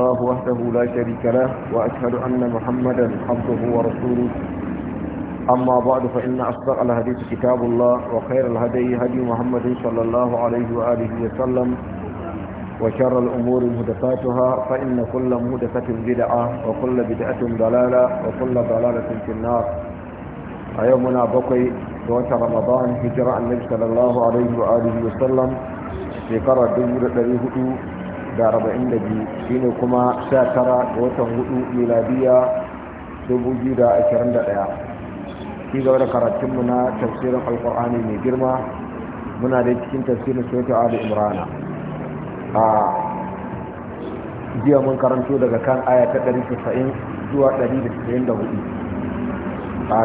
الله وحده لا شريك له وأشهد أن محمدا عبده ورسوله أما بعد فإن أصدق الحديث كتاب الله وخير الهدي هدي محمد صلى الله عليه وآله وسلم وشر الأمور مهدفاتها فإن كل مهدفة بدعة وكل بدعة ضلالة وكل ضلالة في النار يومنا بقي دوات رمضان هجرة النبي صلى الله عليه وآله وسلم في قرى الدنيا da arba'in da biyu shine kuma sha tara ga watan hudu miladiya dubu biyu da ashirin da ɗaya shi gaba da karatunmu na tafsirin alkur'ani mai girma muna da cikin tafsirin sautu ali imrana a jiya mun karanto daga kan aya ta ɗari casa'in zuwa ɗari da casa'in da hudu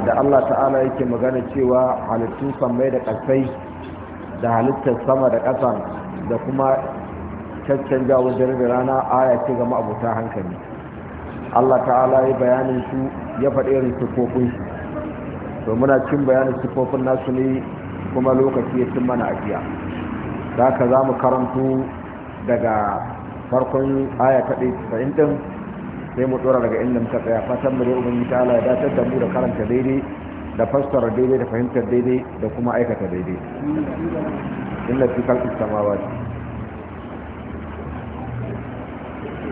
da allah ta'ala yake magana cewa halittun sammai da ƙasai da halittar sama da ƙasa da kuma caccanjawar dare da rana aya ce ga ma'abuta hankali Allah ta'ala ya bayanin su ya faɗi irin su to muna cin bayanin sufofin nasu ne kuma lokaci ya cin mana ajiya za ka za mu karantu daga farkon aya ta ɗaya ɗin sai mu ɗora daga inda muka tsaya fatan mu dai ubangiji ta'ala ya dace da mu da karanta daidai da fasfara daidai da fahimtar daidai da kuma aikata daidai inna fi samawa samawati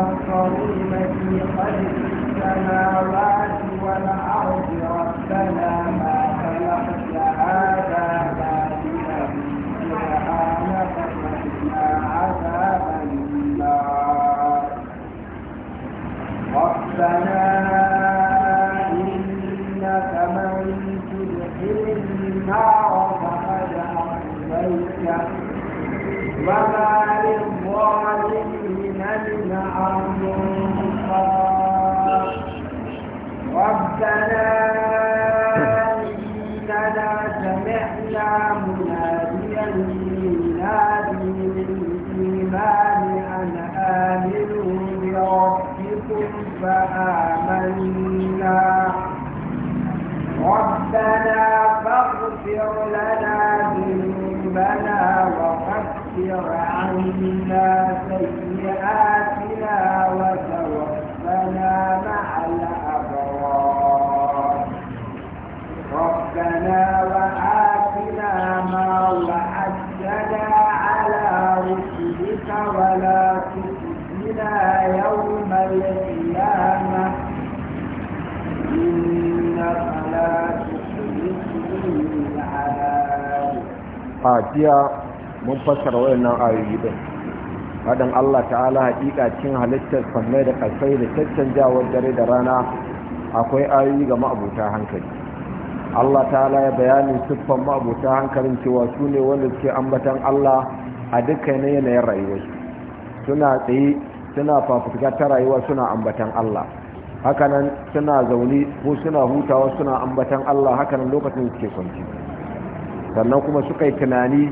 يتفكرون في خلق السماوات والأرض ربنا ما خلقت هذا باطلا سبحانك فقنا عذاب النار ربنا ربنا إننا سمعنا مناديا ينادي للإيمان أن آمنوا بربكم فآمنا ربنا فاغفر لنا ذنوبنا وكفر عنا سيئاتنا ربنا وآتنا ما وعدتنا على رسلك ولا تخزنا يوم القيامة إنك لا تخلف mun fassara wayannan ayoyi ɗin. Allah ta'ala Haƙiƙa cin halittar sammai da ƙasai da cancanjawar dare da rana akwai ayoyi ga ma'abuta hankali Allah ta'ala ya bayanin siffan ma'abuta hankalin cewa su ne wanda suke ambatan Allah a dukkan yanayin rayuwarsu suna tsaye suna fafutuka ta rayuwa suna ambatan Allah hakanan suna zaune ko suna hutawa suna ambatan Allah hakanan lokacin suke kwanci sannan kuma suka yi tunani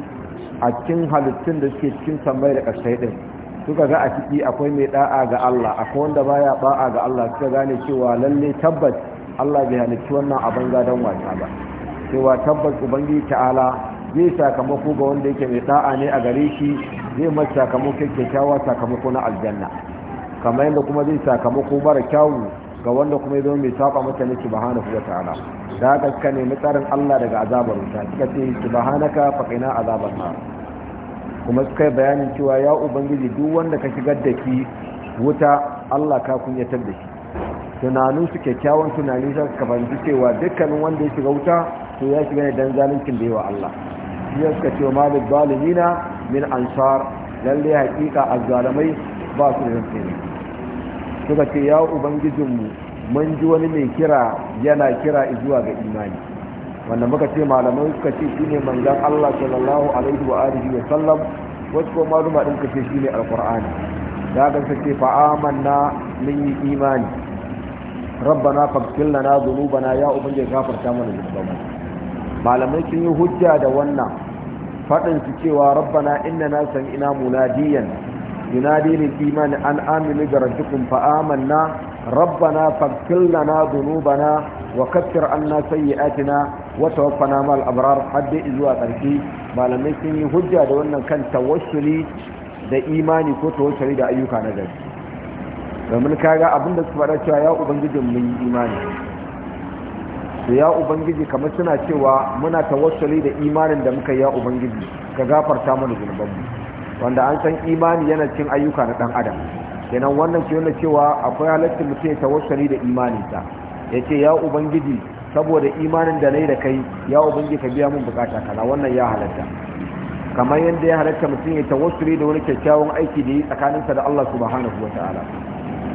a cikin halittun da suke cikin sammai da ƙasai din suka ga a ciki akwai mai da'a ga Allah akwai wanda baya ba'a ga Allah suka gane cewa lalle tabbas Allah bai halitta wannan abin gadon wasa ba cewa tabbas ubangiji ta'ala zai sakamako ga wanda yake mai da'a ne a gare shi zai mai sakamako kyakkyawa sakamako na aljanna kamar yadda kuma zai sakamako mara kyawu ga wanda kuma ya zama mai saba mata ne subhanahu wa ta'ala da haka ka nemi tsarin Allah daga azabar wuta suka ce subhanaka faqina azabar nar kuma suka yi bayanin cewa ya ubangiji duk wanda ka shigar da ki wuta Allah ka kunyatar da shi tunaninsu kyakkyawan tunani za su cewa dukkanin wanda ya shiga wuta to ya shiga ne dan zaluncin da yawa Allah shi ya suka cewa malik zalimina min ansar lalle hakika azzalamai ba su da rantsi ne suka ce ya ubangijinmu mun ji wani mai kira yana kira zuwa ga imani wanda muka ce malamai suka ce ne manzon Allah sallallahu alaihi wa alihi wa sallam wasu ko maluma din shi ne Alƙur'ani. da ga suka ce fa amanna yi imani rabbana faghfir lana dhunubana ya ubangiji gafarta mana dhunubanmu malamai sun yi hujja da wannan fadin su cewa rabbana innana ina munadiyan yunadi lil imani an aminu bi fa amanna rabbana faghfir lana dhunubana wa kaffir anna sayyi'atina wa tawaffana ma'al abrar hadda zuwa karfi malamai sun yi hujja da wannan kan tawassuli da imani ko tawassuli da ayyuka na gari domin kaga abin da su fara cewa ya ubangiji mun yi imani da ya ubangiji kamar suna cewa muna tawassuli da imanin da muka ya ubangiji ka gafarta mana zunubanmu wanda an san imani yana cin ayyuka na dan adam kenan wannan ke nuna cewa akwai halittar mutum ya tawassuli da imaninsa ya ce ya ubangiji saboda imanin da na yi da kai ya ubangiji ka biya mun bukata kana wannan ya halatta kamar yadda ya halatta mutum ya tawassuli da wani kyakkyawan aiki da yi tsakaninsa da Allah subhanahu wataala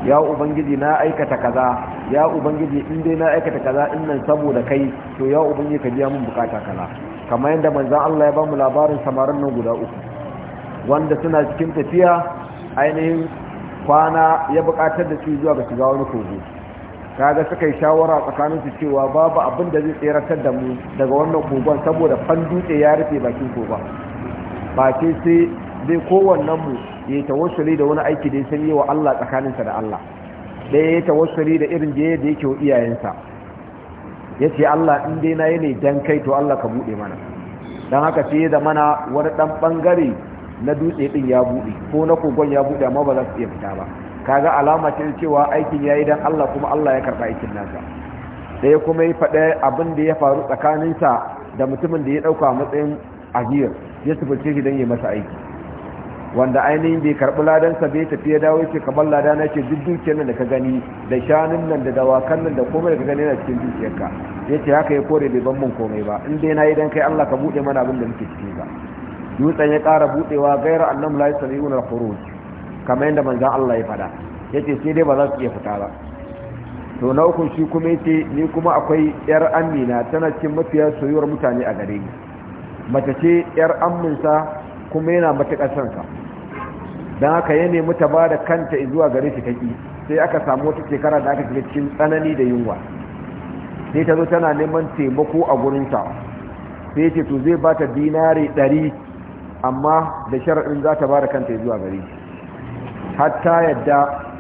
ya ubangiji na aikata kaza ya ubangiji in dai na aikata kaza in nan saboda kai to ya ubangiji ka biya mun bukata kaza kamar yadda manzon Allah ya ba mu labarin samarin nan guda uku wanda suna cikin tafiya ainihin kwana ya bukatar da su zuwa ga shiga wani kogo kaga suka yi shawara tsakanin su cewa babu abin da zai tseratar da mu daga wannan kogon saboda fan dutse ya rufe bakin kogon ba sai sai dai kowannen mu ya yi tawassuli da wani aiki da ya san yi wa Allah tsakaninsa da Allah ɗaya ya yi tawassuli da irin da da yake wa iyayensa ya ce Allah in dai na yi ne dan kai to Allah ka buɗe mana don haka sai ya zamana wani ɗan ɓangare na dutse ɗin ya buɗe ko na kogon ya buɗe amma ba za su iya fita ba kaga alama ce cewa aikin ya yi don Allah kuma Allah ya karɓa aikin nasa ɗaya kuma ya faɗa abin da ya faru tsakaninsa da mutumin da ya ɗauka matsayin ajiyar ya ce shi don yi masa aiki wanda ainihin bai karɓi ladansa bai tafi ya dawo yake kamar lada na ce duk dukiyar nan da ka gani da shanun nan da dawakan nan da komai da ka gani yana cikin dukiyarka ya ce haka ya kore bai ban mun komai ba in dai na yi dan kai Allah ka buɗe mana abin da muke ciki ba dutsen ya ƙara buɗewa gaira annabi la yasri'una al-khuruj kamar yadda manzon Allah ya faɗa ce sai dai ba za su iya fita ba to na uku shi kuma yace ni kuma akwai yar amina tana cikin mafiya soyuwar mutane a gare ni mace ce yar amminsa kuma yana matuƙar son sa don haka ya nemi ta ba da kanta zuwa gare shi taki sai aka samu wata shekara da aka shiga cikin tsanani da yunwa sai ta zo tana neman taimako a gurinta, sai ce to zai bata ta dinari ɗari amma da sharaɗin za ta ba da kanta zuwa gare shi hatta yadda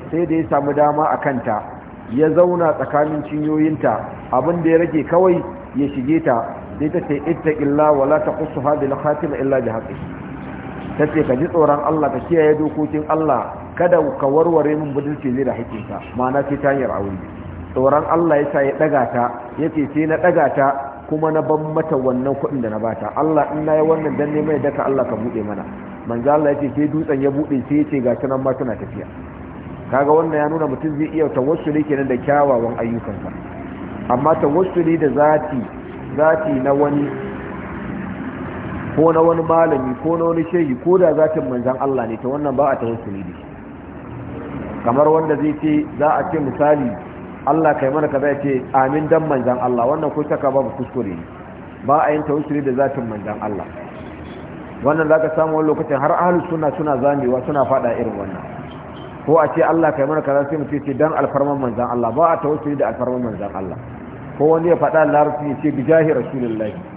sai da ya samu dama a kanta ya zauna tsakanin cinyoyinta abin da ya rage kawai ya shige ta sai ta ce illa wala ta taqussuha na khatima illa da haƙi ta ce ka ji tsoron Allah ka kiyaye dokokin Allah kada ka warware min budurci zai da hakinka ma'ana sai ta hanyar aure tsoron Allah ya sa ya ɗaga ta ya ce sai na ɗaga ta kuma na ban mata wannan kuɗin da na bata Allah in na yi wannan dan neman daka Allah ka buɗe mana manzo Allah ya ce sai dutsen ya buɗe sai ya ce ga nan ma tana tafiya kaga wannan ya nuna mutum zai iya tawassuli kenan da kyawawan ayyukansa amma tawassuli da zati zati na wani ko na wani malami ko na wani shehi ko da zatin manzan Allah ne ta wannan ba a tawassuli da shi kamar wanda zai ce za a ce misali Allah kai mana kaza ce amin dan manzan Allah wannan ko saka babu kuskure ne ba a yin tawassuli da zatin manzan Allah wannan zaka samu wani lokacin har ahlus sunna suna zamewa suna fada irin wannan ko a ce Allah kai mana kaza sai mu ce dan alfarman manzan Allah ba a tawassuli da alfarman manzan Allah ko wani ya faɗa larabci ya ce bijahi rasulullahi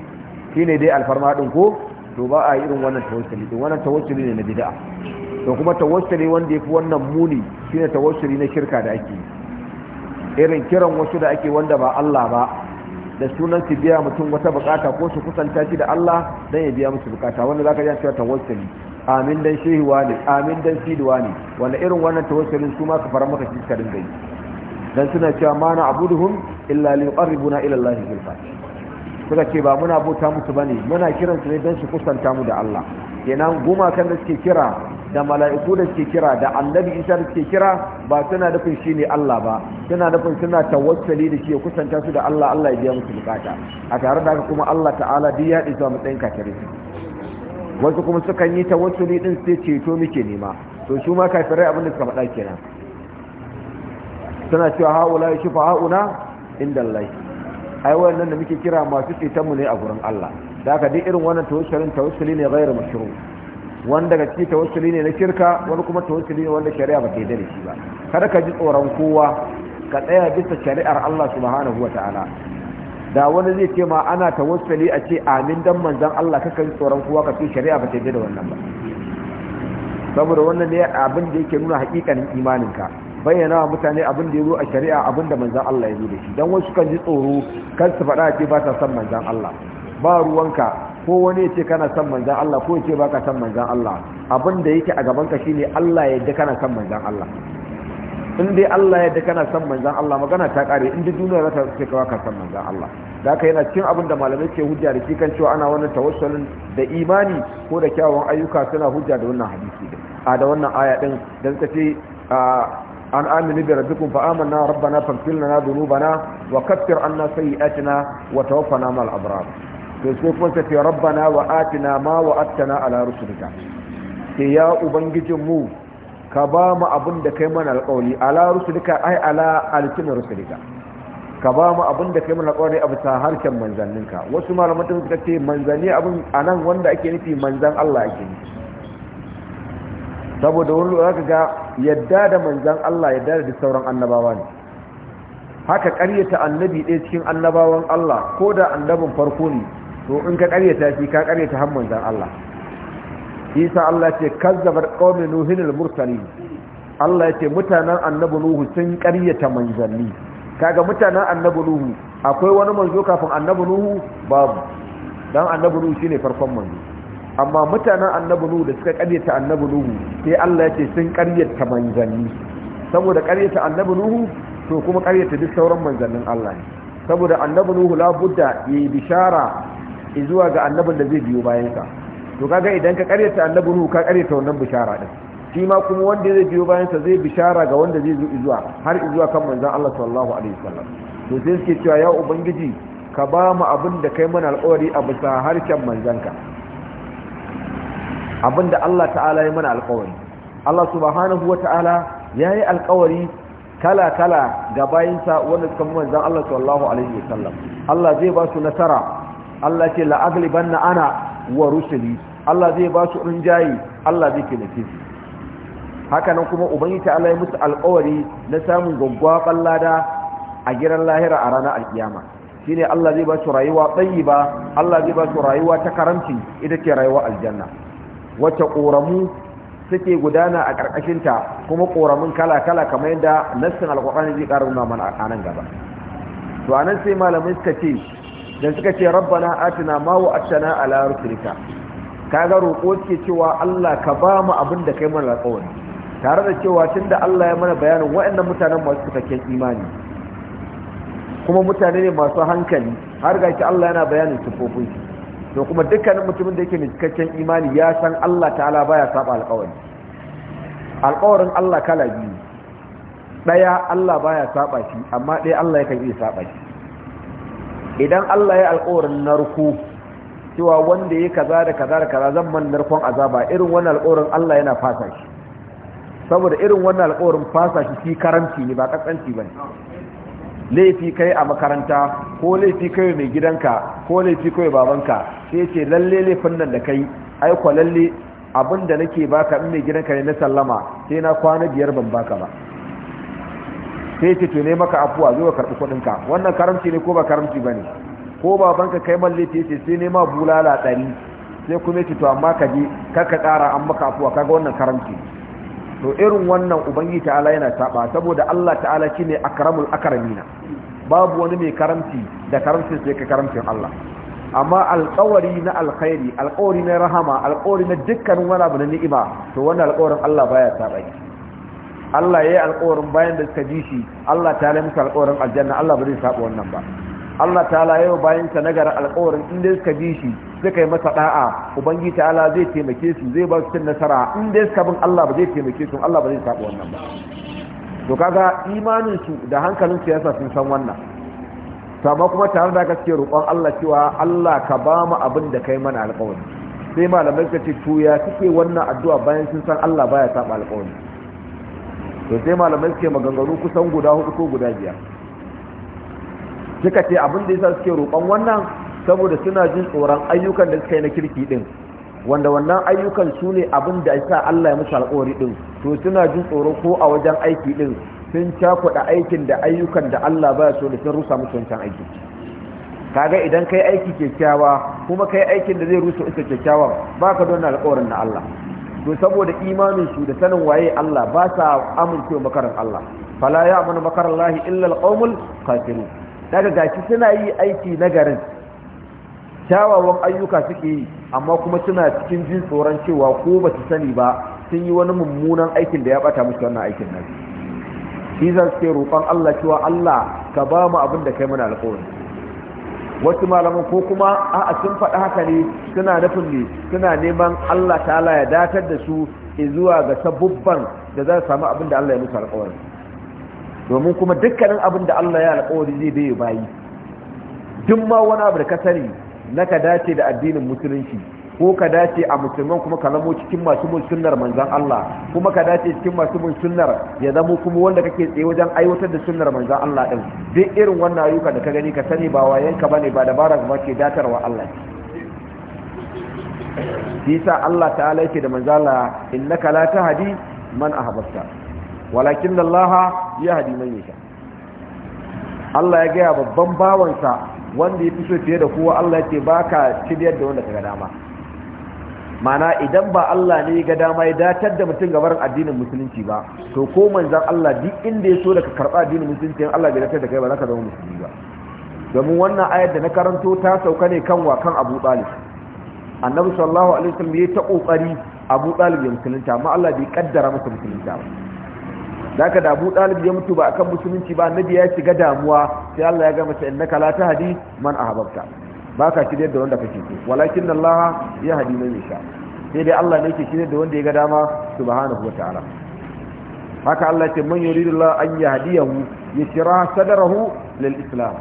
shine dai alfarma din ko to ba a irin wannan tawassuli din wannan tawassuli ne na bid'a to kuma tawassuli wanda yafi wannan muni shine tawassuli na shirka da ake irin kiran wasu da ake wanda ba Allah ba da sunan su biya mutum wata bukata ko su kusanta shi da Allah dan ya biya musu bukata wanda zaka ji cewa tawassuli amin dan shehi wani amin dan sidi wani wanda irin wannan tawassulin su ma su fara maka shi karin gari dan suna cewa mana abuduhum illa liqarribuna ila Allah zulfa suka ce ba muna bauta musu bane muna kiran su ne don su kusanta mu da Allah kenan kan da suke kira da mala'iku da suke kira da annabi isa da suke kira ba suna nufin shi ne Allah ba suna nufin suna tawassali da shi ya kusanta su da Allah Allah ya biya musu bukata a tare da haka kuma Allah ta'ala duk ya ɗisa matsayin kafirai wasu kuma sukan yi tawassuli din sai ceto muke nema to su ma kafirai abin da suka faɗa kenan suna cewa ha'ula ya shufa ha'una inda Allah ai wannan da muke kira masu cetonmu ne a gurin Allah da ka duk irin wannan tawassulin tawassuli ne ghairu mashru wanda daga ciki tawassuli ne na shirka wani kuma tawassuli ne wanda shari'a ba ta yarda da shi ba kada ka ji tsoron kowa ka tsaya bisa shari'ar Allah subhanahu ta'ala. da wani zai ce ma ana tawassuli a ce amin dan manzon Allah ka ji tsoron kowa ka ce shari'a ba ta yarda da wannan ba saboda wannan ne abin da yake nuna haƙiƙanin imaninka bayyana wa mutane abin da ya zo a shari'a abin da manzan Allah ya zo da shi don wasu kan ji tsoro kan su faɗa ce ba ta san manzan Allah ba ruwanka ko wani ya ce kana san manzan Allah ko ya ce ba ka san manzan Allah abin da yake a gaban ka shine Allah ya yadda kana san manzan Allah in dai Allah ya yadda kana san manzan Allah magana ta kare in dai duniya za ta ce ka san manzan Allah da haka yana cikin abin da malamai ke hujja da shi kan cewa ana wannan tawassulin da imani ko da kyawawan ayyuka suna hujja da wannan hadisi a da wannan aya din dan ta ce an aminu bi rabbikum fa amanna rabbana faghfir lana dhunubana wa kaffir anna sayyi'atina wa tawaffana ma'al abrar to sai kuma sai rabbana wa atina ma wa attana ala rusulika sai ya ubangijin mu ka ba mu kai mana alƙawari ala rusulika ai ala alkin rusulika ka ba mu kai mana alƙawari a bisa harshen manzanninka wasu malaman suka ce manzanni wanda ake nufi manzan Allah ake yi. saboda wani ka ga yadda da manzan Allah yadda da duk sauran annabawa ne haka karyata annabi ɗaya cikin annabawan Allah ko da annabin farko ne to in ka karyata shi ka karyata har manzan Allah isa Allah ce kazzabar qaumi nuhin al-mursalin Allah yace mutanen annabi nuhu sun karyata manzanni kaga mutanen annabi nuhu akwai wani manzo kafin annabi nuhu babu dan annabi nuhu shine farkon manzo amma mutanen annabi nuhu da suka karyata annabi nuhu sai Allah yake sun karyata manzanni saboda karyata annabi nuhu to kuma karyata duk sauran manzannin Allah ne saboda annabi nuhu la budda yi bishara zuwa ga annabin da zai biyo bayan sa to kaga idan ka karyata annabi nuhu ka karyata wannan bishara din shi ma kuma wanda zai biyo bayan sa zai bishara ga wanda zai zo zuwa har zuwa kan manzon Allah sallallahu alaihi wasallam to sai suke cewa ya ubangiji ka ba mu abin da kai mana alƙawari a bisa harshen manzanka abinda Allah ta'ala ya mana alƙawari Allah subhanahu wata'ala yayi alƙawari kala kala ga bayinsa wanda suka zan Allah sallallahu alaihi wasallam Allah zai ba su nasara Allah ce la aglibanna ana wa rusuli Allah zai ba su rinjayi Allah zai kinace su haka nan kuma ubangiji ta'ala ya musu alƙawari na samun gwaggwaban lada a gidan lahira a ranar alkiyama ne Allah zai ba su rayuwa tsayi ba Allah zai ba su rayuwa ta karamci ita ce rayuwa aljanna wacce ƙoramu suke gudana a ƙarƙashinta kuma ƙoramin kala-kala kamar yadda nassin alƙwaƙwani zai ƙara nuna mana a nan gaba to a nan sai malamai suka ce da suka ce rabbana atina ma wa ala rusulika ga roƙo ke cewa Allah ka ba mu abin da kai mana alƙawari tare da cewa tunda Allah ya mana bayanin waɗannan mutanen masu cikakken imani kuma mutane ne masu hankali har ga Allah yana bayanin sufofin to kuma dukkanin mutumin da yake cikakken imani ya san Allah ta'ala baya saba alƙawari alƙawarin Allah kala biyu daya Allah baya saba shi amma dai Allah yakan iya saba shi idan Allah ya alƙawarin narko cewa wanda ya kaza da kaza da kaza zan man narkon azaba irin wannan alƙawarin Allah yana fasa shi saboda irin wannan alƙawarin fasa shi shi karanci ne ba katsanci bane laifi kai a makaranta ko laifi kai mai gidanka ko laifi kai babanka sai ce lalle laifin nan da kai ai ko lalle abin da nake baka in mai gidanka ne na sallama sai na kwana biyar ban baka ba sai ce to ne maka afuwa zo ka karbi kuɗin ka wannan karamci ne ko ba karamci bane ko babanka kai man laifi ce sai ne ma bulala ɗari sai kuma ce to amma ka je kar ka ƙara an maka afuwa kaga wannan karamci to irin wannan ubangi ta'ala yana taɓa saboda Allah ta'ala ne shine akramul akramina babu wani mai karamci da karamcin sai ka karamcin Allah amma alƙawari na alkhairi alƙawari na rahama alƙawari na dukkanin wani abu na ni'ima to wannan alƙawarin Allah baya saba shi Allah yi alƙawarin bayan da suka ji shi Allah ta yi musu alƙawarin aljanna Allah ba zai saɓa wannan ba Allah ta'ala yau bayan ta nagara alƙawarin inda suka bi shi suka yi masa da'a ubangi ta'ala zai taimake su zai ba su cin nasara inda suka bin Allah ba zai taimake su Allah ba zai saba wannan ba to kaga imanin su da hankalin su yasa sun san wannan Sama kuma tare da gaske roƙon Allah cewa Allah ka ba mu abin da kai mana alƙawari sai malamai suka ce to suke wannan addu'a bayan sun san Allah baya saɓa alƙawari to sai malamai suke maganganu kusan guda hudu ko guda biyar suka ce abin da yasa suke roƙon wannan saboda suna jin tsoron ayyukan da suka yi na kirki din wanda wannan ayyukan su ne abin da yasa Allah ya musu alƙawari din to suna jin tsoro ko a wajen aiki din sun cakuɗa aikin da ayyukan da Allah baya so da sun rusa musu wancan aiki kaga idan kai aiki kyakkyawa kuma kai aikin da zai rusa ita kyakkyawa ba ka don alƙawarin na Allah to saboda imanin su da sanin waye Allah ba sa amincewa makarar Allah fala ya makarallahi illa alqawmul kafirun daga gashi suna yi aiki na garin kyawawan ayyuka suke yi amma kuma suna cikin jin tsoron cewa ko ba su sani ba sun yi wani mummunan aikin da ya bata musu wannan aikin nan shi zan ce roƙon Allah cewa Allah ka ba mu abin da kai mana alƙawari wasu malaman ko kuma a'a sun faɗi haka ne suna nufin ne suna neman Allah ta'ala ya datar da su zuwa ga sabubban da za su samu abin da Allah ya musu alƙawari domin kuma dukkanin abin da Allah ya alƙawari zai bai bayi duk ma wani abu da ka sani na ka dace da addinin musulunci ko ka dace a musulman kuma ka zamo cikin masu bin sunnar manzan Allah kuma ka dace cikin masu bin sunnar ya zamo kuma wanda kake tsaye wajen aiwatar da sunnar manzan Allah din duk irin wannan ayyuka da ka gani ka sani ba ka bane ba dabara ba ke datarwa Allah shi yasa Allah ta'ala yake da manzala innaka la tahdi man ahbabta walakin Laha, ya hadi man yasha Allah ya gaya babban bawansa wanda ya fi so fiye da kowa Allah yake baka cibiyar da wanda ka ga dama mana idan ba Allah ne ga dama ya datar da mutum gabar addinin musulunci ba to ko manzan Allah duk inda ya so da ka karɓa addinin musulunci in Allah bai datar da kai ba za ka zama musulmi ba domin wannan ayar da na karanto ta sauka ne kan wakan kan Abu Ɗalib. annabi sallallahu alaihi wasallam ya ta kokari Abu Ɗalib ya musulunta amma Allah bai kaddara masa musulunta ba daga da abu dalib ya mutu ba a kan musulunci ba annabi ya shiga damuwa sai Allah ya ga mata innaka la hadi man ahbabta ka shirye da wanda kake so walakin Allah ya hadi man yasha sai dai Allah ne yake shirye da wanda ya ga dama subhanahu wataala haka Allah ce man yuridullah an yahdiyahu yashra sadrahu lil islam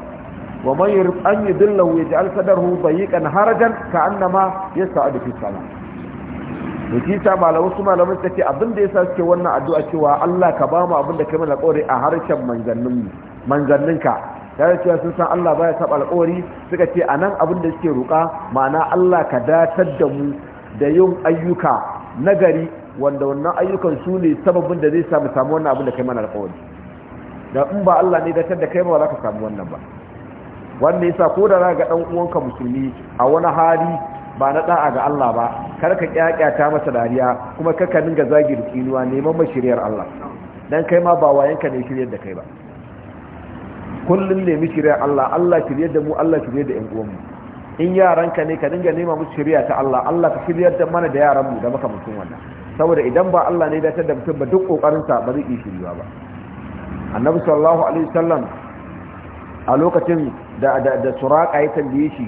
wa man yurid an yudillahu yaj'al sadrahu dayiqan harajan ka'annama yas'adu fis sama' to shi ta malamu su malamin ce abin da ya sa suke wannan addu'a cewa Allah ka ba mu abin da kai mana alƙawari a harshen manzannin manzanninka ya ce sun san Allah baya saba alƙawari suka ce anan abin da suke roƙa ma'ana Allah ka datar da mu da yin ayyuka nagari wanda wannan ayyukan su ne sababin da zai mu samu wannan abin da kai mana alƙawari da in ba Allah ne datar da kai ba za ka samu wannan ba wanda yasa ko da za ga dan uwanka musulmi a wani hali ba na da'a ga Allah ba kar ka kyakyata masa dariya kuma kar ka dinga zagi kinuwa neman mashiriyar Allah dan kai ma ba ka ne shiriyar da kai ba kullun mu shiriyar Allah Allah shiriyar da mu Allah shiriyar da ƴan mu. in yaranka ne ka dinga nema musu shiriya ta Allah Allah ka shiriyar da mana da mu da maka mutum wannan saboda idan ba Allah ne da ta da mutum ba duk kokarin sa ba zai yi shiriya ba annabi sallallahu alaihi wasallam a lokacin da da, da suraka ya tambaye shi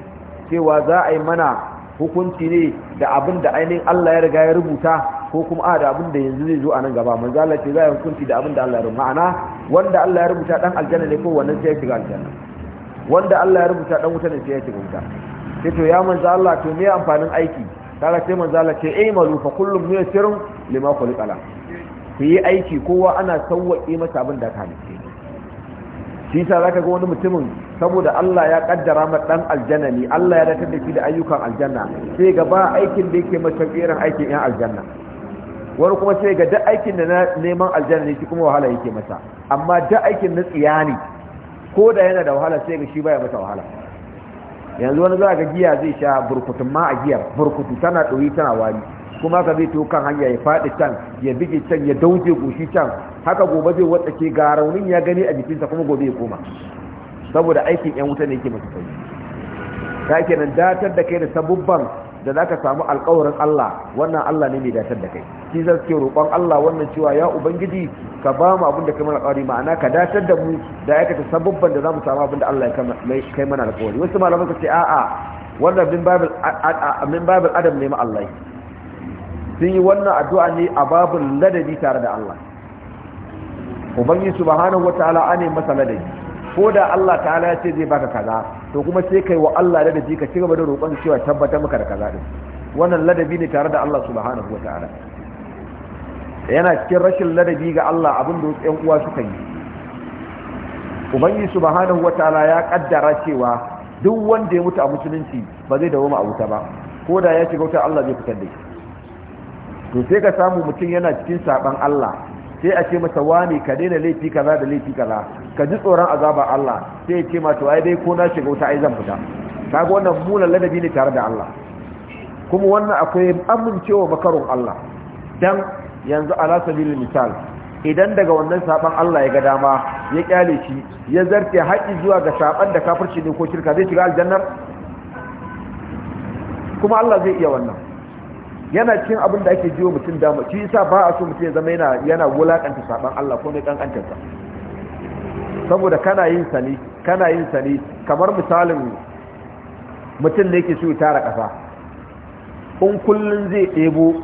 cewa za a yi mana hukunci ne da abin da ainihin Allah ya riga ya rubuta ko kuma a da abin da yanzu zai zo a nan gaba manzo Allah ce za ya hukunci da abin da Allah ya rubuta ma'ana wanda Allah ya rubuta dan aljanna ne ko wannan sai ya shiga aljanna wanda Allah ya rubuta dan wuta ne sai ya shiga wuta sai to ya manzo Allah to me amfanin aiki kaga sai manzo Allah ce ai malu fa kullum muyassirun lima khuliqala ku yi aiki kowa ana sawwaƙe masa abin da ka halice shi za zaka ga wani mutumin saboda Allah ya kaddara ma dan aljanna ne Allah ya datar da shi da ayyukan aljanna sai ga ba aikin da yake mata irin aikin yan aljanna wani kuma sai ga duk aikin da na neman aljanna ne shi kuma wahala yake masa amma duk aikin na tsiya ne ko da yana da wahala sai ga shi baya mata wahala yanzu wani za ga giya zai sha burkutun ma a giyar burkutu tana ɗoyi tana wari kuma ka zai kan hanya ya faɗi can ya bige can ya dauje goshi can haka gobe zai ke ga raunin ya gani a jikinsa kuma gobe ya koma saboda aikin yan wuta ne yake masu sauki ta nan datar da kai da sabubban da za ka samu alkawarin Allah wannan Allah ne mai datar da kai shi zan ke roƙon Allah wannan cewa ya ubangiji ka ba mu abin da kai mana alƙawari ma'ana ka datar da mu da aikata sabubban da za mu samu abin da Allah ya kai mana alƙawari wasu malaman ka ce a'a wannan min babil adam ne ma Allah sun yi wannan addu'a ne a babin ladabi tare da Allah ubangi subhanahu a ne masa ladabi ko da Allah ta'ala ya ce zai baka kaza to kuma sai kai wa Allah ladabi ka ci gaba da roƙon cewa tabbatar maka da kaza ɗin wannan ladabi ne tare da Allah subhanahu ala. yana cikin rashin ladabi ga Allah abin da 'yan uwa suka yi ubangi subhanahu ala ya ƙaddara cewa duk wanda ya mutu a musulunci ba zai dawo ma a wuta ba ko da ya shiga wuta Allah zai fitar da shi to sai ka samu mutum yana cikin saban Allah sai a ce masa wani ka daina laifi kaza da laifi kaza ka ji tsoron azaba Allah sai ya ce ma to ai dai ko na shiga wuta ai zan fita kaga wannan mulan ladabi ne tare da Allah kuma wannan akwai amincewa makarun Allah dan yanzu ala sabilin misal idan daga wannan saban Allah ya ga dama ya kyale shi ya zarte haƙi zuwa ga saban da kafirci ne ko shirka zai shiga aljanna kuma Allah zai iya wannan yana cikin abin da ake jiwo mutum damu shi yasa ba a so mutum ya zama yana yana wulakanta saban Allah ko mai kankanta sa saboda kana yin sani kana yin sani kamar misalin mutum ne yake so ya tara ƙasa. in kullun zai ɗebo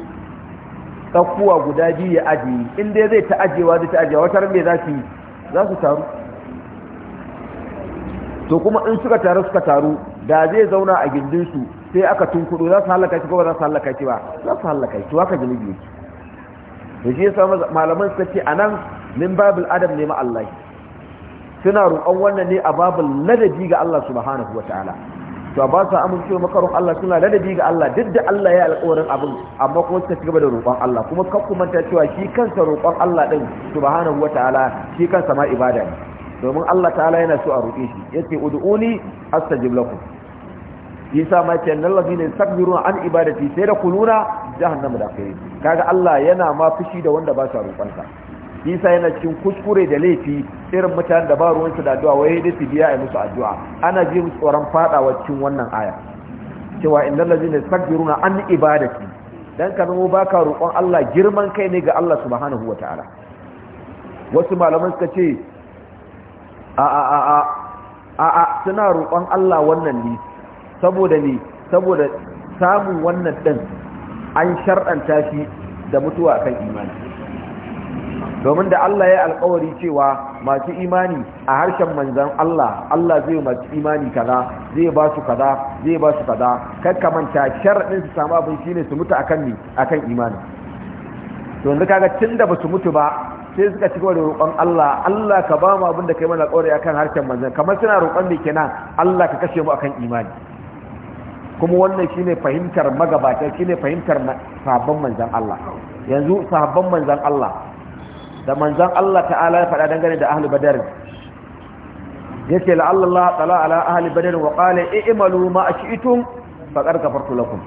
tsakuwa guda biyu ya ajiye in dai zai ta ajiyewa zai ta ajiyewa wata ran za su za su taru to kuma in suka taru suka taru da zai zauna a gindinsu sai aka tunkudo za su halaka shi ko ba za su halaka shi ba za su halaka shi waka zunubi yake da shi yasa malaman suka ce anan min babul adam ne ma Allah suna roƙon wannan ne a babul ladabi ga Allah subhanahu wataala to ba sa amincewa makarun Allah suna ladabi ga Allah duk da Allah ya alƙawarin abin amma kuma suka ci gaba da roƙon Allah kuma kan ku ta cewa shi kansa roƙon Allah din subhanahu wataala shi kansa ma ibada ne domin Allah ta'ala yana so a roƙe shi yace ud'uni astajib lakum yasa ma ce nan ne yastakbiruna an ibadati sai da kuluna jahannama da kai kaga Allah yana ma fushi da wanda ba sa roƙonsa yasa yana cikin kuskure da laifi irin mutanen da ba ruwan su da addu'a waye da su biya ai musu addu'a ana ji musu tsoron fadawa cikin wannan aya cewa innal ladina yastakbiruna an ibadati dan ka zama baka roƙon Allah girman kai ne ga Allah subhanahu wataala wasu malaman suka ce a a a a a suna roƙon Allah wannan ne saboda ne saboda samun wannan ɗin an shar'anta shi da mutuwa kan imani domin da Allah ya alkawari cewa masu imani a harshen manzan Allah Allah zai masu imani kaza zai ba su kaza zai ba su kaza kakka manta sharaɗin su samu abin shine su mutu akan ni akan imani to yanzu kaga tunda ba su mutu ba sai suka ci gaba da roƙon Allah Allah ka ba mu abin da kai mana alkawari akan harshen manzan kamar suna roƙon me kenan Allah ka kashe mu akan imani kuma wannan shine fahimtar magabata shine fahimtar sahabban manzan Allah yanzu sahabban manzan Allah da manzan Allah ta'ala ya faɗa dangane da ahli badar yace la'alla Allah ta'ala ala ahli badar wa qala i'malu ma ashi'tum faqad kafartu lakum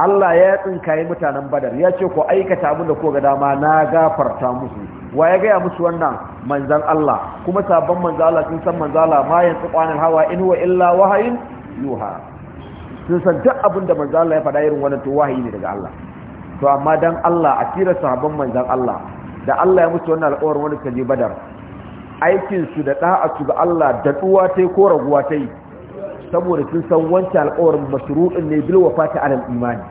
Allah ya tsinkaye mutanen badar ya ce ku aikata mun da ko ga dama na gafarta musu wa ya gaya musu wannan manzan Allah kuma sabon manzan Allah sun san manzala ma yanzu kwanan hawa in huwa illa wahayin yuha sun san duk abin da manzo Allah ya faɗa irin wannan to wahayi ne daga Allah to amma dan Allah a tira sahabban manzon Allah da Allah ya musu wannan alƙawarin wani kaje badar aikin su da da'a su ga Allah da tuwa tai ko raguwa tai saboda sun san wancan alƙawarin masru'in ne bil wafati alal imani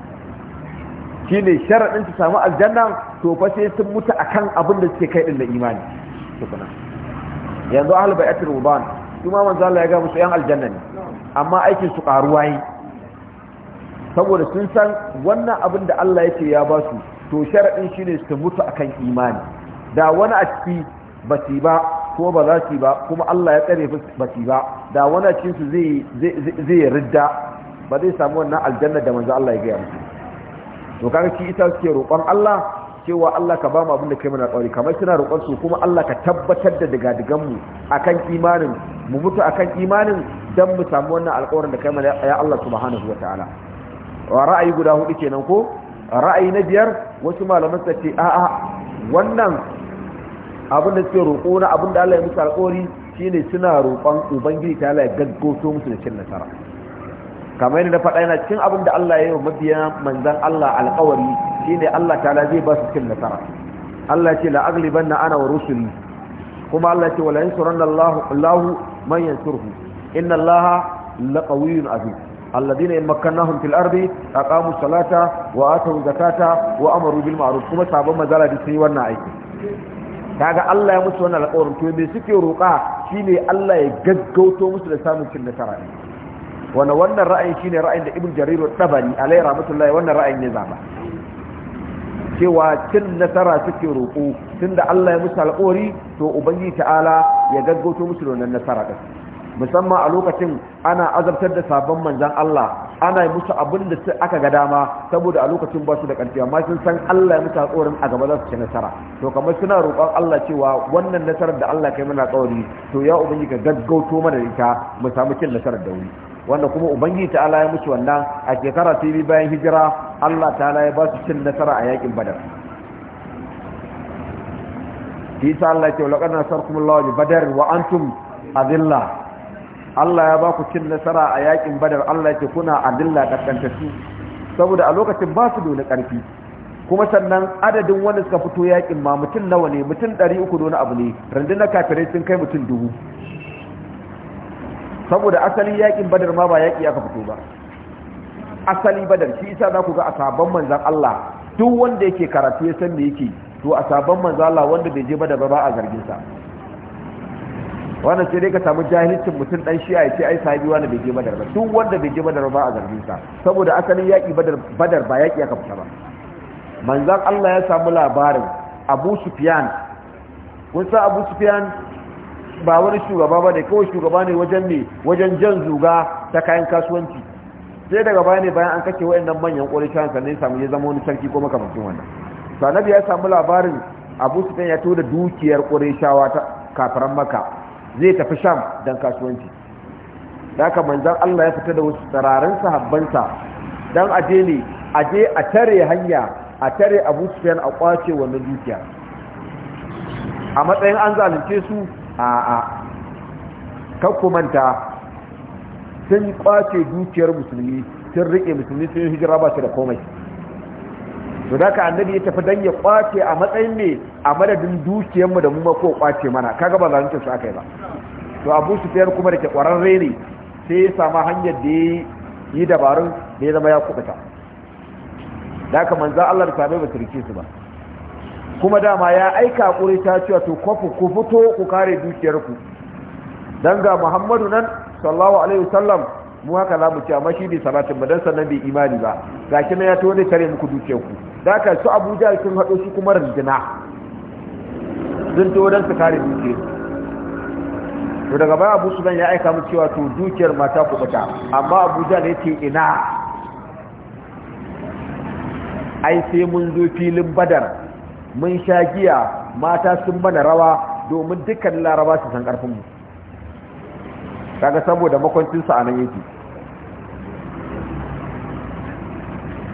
shine sharadin su samu aljanna to fa sai sun mutu akan abin da suke kai din da imani yanzu ahlul bayatir ruban kuma manzo Allah ya ga musu yan aljanna ne amma aikin su karuwa yi saboda sun san wannan abin da Allah ya ce ya ba su to sharaɗin shine su mutu akan imani da wani a ciki ba su ba ko ba za su ba kuma Allah ya tsare ba su ba da wani a cikin su zai yi ridda ba zai samu wannan aljanna da manzo Allah ya gaya musu to kaga shi ita suke roƙon Allah cewa Allah ka ba mu abin da kai muna tsauri kamar suna roƙon su kuma Allah ka tabbatar da digadigan mu akan imanin mu mutu akan imanin dan mu samu wannan alƙawarin da kai mana ya Allah subhanahu ta'ala wa ra'ayi guda hudu kenan ko ra'ayi na biyar wasu malaman su ce a'a wannan abin da suke roƙo na abin da Allah ya musu alƙawari shine suna roƙon ubangiji ta Allah ya gaggoto musu da cin nasara kamar yadda faɗa yana cikin abin da Allah ya yi wa mabiya manzan Allah alƙawari shine Allah ta zai ba su cikin nasara Allah ce la na ana wa rusuli kuma Allah ce wala suran Allah Allah manyan surhu inna Allah azu Allah alladhina in makkannahum fil a ƙamu salata wa atu zakata wa amaru bil kuma sabon mazala da yi wannan aiki kaga Allah ya musu wannan alƙawarin to me suke roƙa shine Allah ya gaggauto musu da samun cin nasara wanda wannan ra'ayin shine ra'ayin da ibn jarir tabari alai rahmatullahi wannan ra'ayin ne zaba cewa cin nasara suke roƙo tunda Allah ya musu alƙori to ubangi ta'ala ya gaggoto musu wannan nasara din musamman a lokacin ana azabtar da sabon manzon Allah ana yi musu abin da aka ga dama saboda a lokacin ba su da ƙarfi amma sun san Allah ya musu alƙawarin a gaba za su ci nasara to kamar suna roƙon Allah cewa wannan nasarar da Allah kai mana alƙawari to ya ubangi ka gaggauto mana ita mu samu cin nasarar da wuri wanda kuma ubangiji ta'ala ya mutu wannan a shekara ta bayan hijira Allah ta'ala ya ba su cin nasara a yakin badar isa Allah ya ce laqad nasarakum Allah bi badar wa antum adilla Allah ya ba ku cin nasara a yakin badar Allah ya ce kuna adilla su? saboda a lokacin ba su dole karfi kuma sannan adadin wanda suka fito yakin ma mutum nawa ne mutum 300 da abu ne randuna kafirai sun kai mutum dubu saboda asali yakin badar ma ba yaki aka fito ba asali badar shi isa za ku ga a sabon manzan Allah duk wanda yake karatu ya san da yake to sabon manzan Allah wanda bai je badar ba ba a zargin sa wannan sai dai ka samu jahilcin mutum dan shi'a ya ce ai sahibi wanda bai je badar ba duk wanda bai je badar ba a zargin sa saboda asalin yaki badar badar ba yaki aka fita ba manzan Allah ya samu labarin Abu Sufyan kun san Abu Sufyan ba wani shugaba ba ne kawai shugaba ne wajen ne wajen jan zuga ta kayan kasuwanci sai daga baya ne bayan an kace wayannan manyan ƙorin ta sannan ya samu ya zama wani sarki ko makamancin wannan to annabi ya samu labarin Abu Sufyan ya tura dukiyar Qurayshawa ta kafaran maka zai tafi Sham dan kasuwanci da manzon Allah ya fita da wasu tsararin sahabbansa dan aje ne aje a tare hanya a tare Abu Sufyan a kwace wannan dukiya a matsayin an zalunce su a'a kakku manta sun kwace dukiyar musulmi sun rike musulmi sun hijira ba su da komai to da ka annabi ya tafi dan ya kwace a matsayin ne a madadin dukiyarmu da mu ma ko kwace mana kaga ba zalunta su akai ba to Abu tayar kuma da ke kwararre ne sai ya samu hanyar da ya yi dabarun da ya zama ya kubuta da ka manzo Allah da sabai ba su rike su ba kuma dama ya aika kuri ta cewa to kofu ku fito ku kare dukiyarku dan ga muhammadu nan sallallahu alaihi wasallam mu haka za mu ci amma shi bai salatin ba dan sannan bai imani ba gashi na ya to ne kare muku dukiyarku da ka su abuja sun hado shi kuma rinjina sun to dan su kare dukiyar. to daga baya abu sudan ya aika mu cewa to dukiyar mata ku bata amma abuja ne ce ina ai sai mun zo filin badar mun sha giya mata sun mana rawa domin dukkan laraba su san ƙarfinmu kaga saboda makwancinsu a nan yake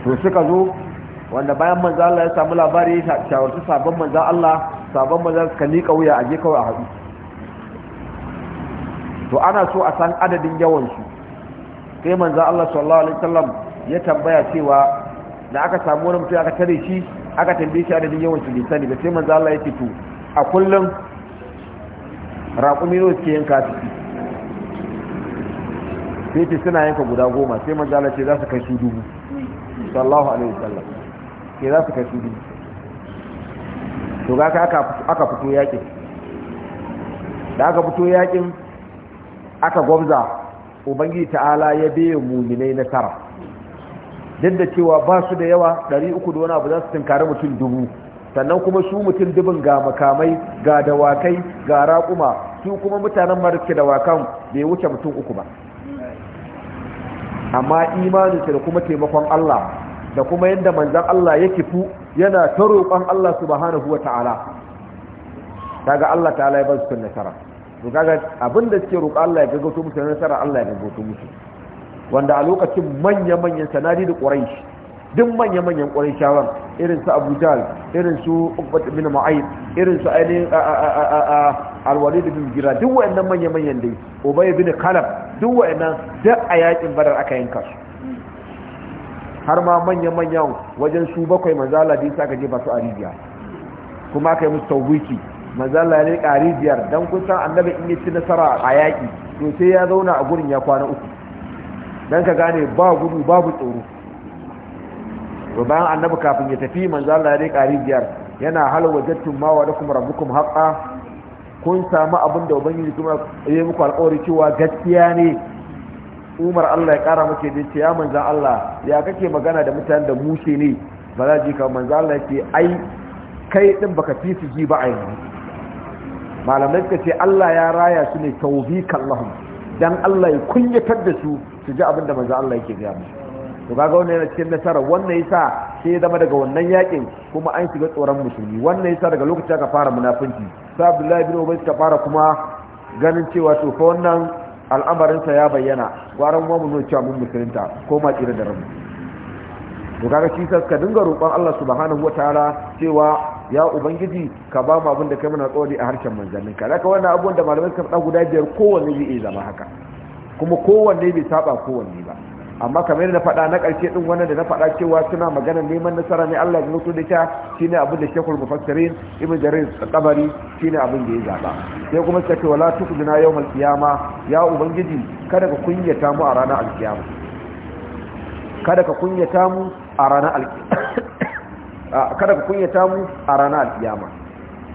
to suka zo wanda bayan manzo Allah ya samu labari ya shawarci sabon manzo Allah sabon manzo suka liƙa wuya a je kawai a haɗu to ana so a san adadin yawansu sai manzo Allah sallallahu alaihi wasallam ya tambaya cewa da aka samu wani mutum aka tare shi aka tambaye shi adadin yawan su lisani sani ba sai manzo Allah ya ce to a kullum raƙumi ne suke yanka su sai ce suna yanka guda goma sai manzo Allah ce za su kai su dubu sallallahu alaihi wasallam ke za su kai su dubu to ga ka aka fito yakin da aka fito yakin aka gwamza ubangiji ta'ala ya biye muminai na tara duk da cewa ba su da yawa 300 da wani abu za su tunkari mutum dubu sannan kuma su mutum dubin ga makamai ga dawakai ga raƙuma su kuma mutanen marke dawakan bai wuce mutum uku ba amma imaninsu da kuma taimakon Allah da kuma yadda manzan Allah ya kifu yana ta roƙon Allah subhanahu ta ga Allah ta'ala ya ba su nasara to kaga abinda suke roƙon Allah ya gaggato musu nasara Allah ya gaggato musu wanda a lokacin manya-manyan sanadi da ƙuraish duk manya-manyan ƙuraishawan irin su abu jahal irin su ubbat bin ma'ayyid irin su ainihin da bin gira duk wa'annan manya-manyan dai ubay bin kalab duk wa'annan duk a yakin badar aka yanka su har ma manya-manyan wajen su bakwai manzala din sa aka jefa su a kuma aka yi musu tawbiki manzala ne ƙari biyar don kusan annabi in yi ci nasara a yaƙi to sai ya zauna a gurin ya kwana uku dan ka gane ba gudu babu tsoro to bayan annabi kafin ya tafi manzo Allah ya dai kari biyar yana hal wajadtum ma wa lakum rabbukum haqqan kun samu abin da ubangi kuma ya muku alƙawari cewa gaskiya ne umar Allah ya kara muke da ce ya manzan Allah ya kake magana da mutanen da mushe ne ba za ji ka manzan Allah ce ai kai ɗin baka fi su ji ba a yanzu malamai suka ce Allah ya raya su ne tawfiqan dan Allah ya kunyatar da su su ji abin da manzo Allah yake gaya musu to kaga wannan yana cikin nasara wannan yasa sai ya zama daga wannan yakin kuma an shiga tsoron musulmi wannan yasa daga lokacin ka fara munafunci sai Abdullahi bin Ubay ka fara kuma ganin cewa to fa wannan al'amarin sa ya bayyana gwaran mu mun cewa mun musulunta ko ma tsira da rabu to kaga shi sai ka dinga roƙon Allah subhanahu wataala cewa ya ubangiji ka ba mu abin da kai muna tsori a harshen manzannin ka zaka wannan abubuwan da malamai suka faɗa guda biyar kowanne zai iya zama haka kuma kowanne bai saba kowanne ba amma kamar yadda na faɗa na ƙarshe ɗin wannan da na faɗa cewa suna magana neman nasara ne Allah ya mutu da ta shine abin da Sheikhul Mufassirin Ibn Jarir Tabari shine abin da ya zaba sai kuma sai wala tukdina yawmal qiyama ya ubangiji kada ka kunyata mu a ranar alkiyama kada ka kunyata mu a ranar alkiyama kada ku kunyata mu a ranar alkiyama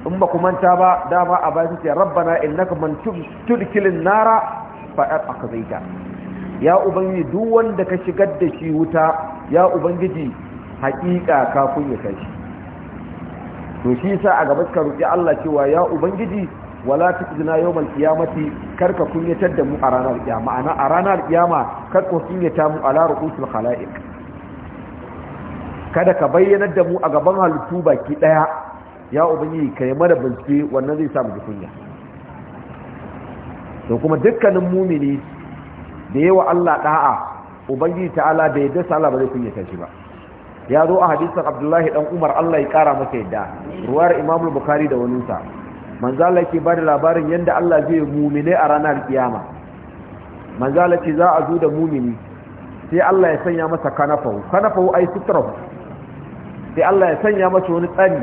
in ba ku manta ba dama a bayan ce rabbana innaka man tudkilin nara faqad akhzaita ya ubangiji duk wanda ka shigar da shi wuta ya ubangiji hakika ka kunyata shi to shi yasa a gaba ka roki Allah cewa ya ubangiji wala tukzina yawmal qiyamati karka kunyatar da mu a ranar kiyama ana a ranar kiyama karka kunyata mu ala ru'usul khalaiq kada ka bayyanar da mu a gaban halittu baki daya ya ubangiji ka yi mana bincike wannan zai samu kunya to kuma dukkanin mumini da yawa Allah da'a ubangi ta'ala bai yadda sala ba zai ta shi ba ya zo a hadisin Abdullahi dan Umar Allah ya kara masa yadda ruwar Imam Bukhari da wani sa manzo Allah yake bada labarin yanda Allah zai mumine a ranar kiyama manzo Allah ce za a zo da mumini sai Allah ya sanya masa kanafau kanafahu ai sutra sai Allah ya sanya masa wani tsari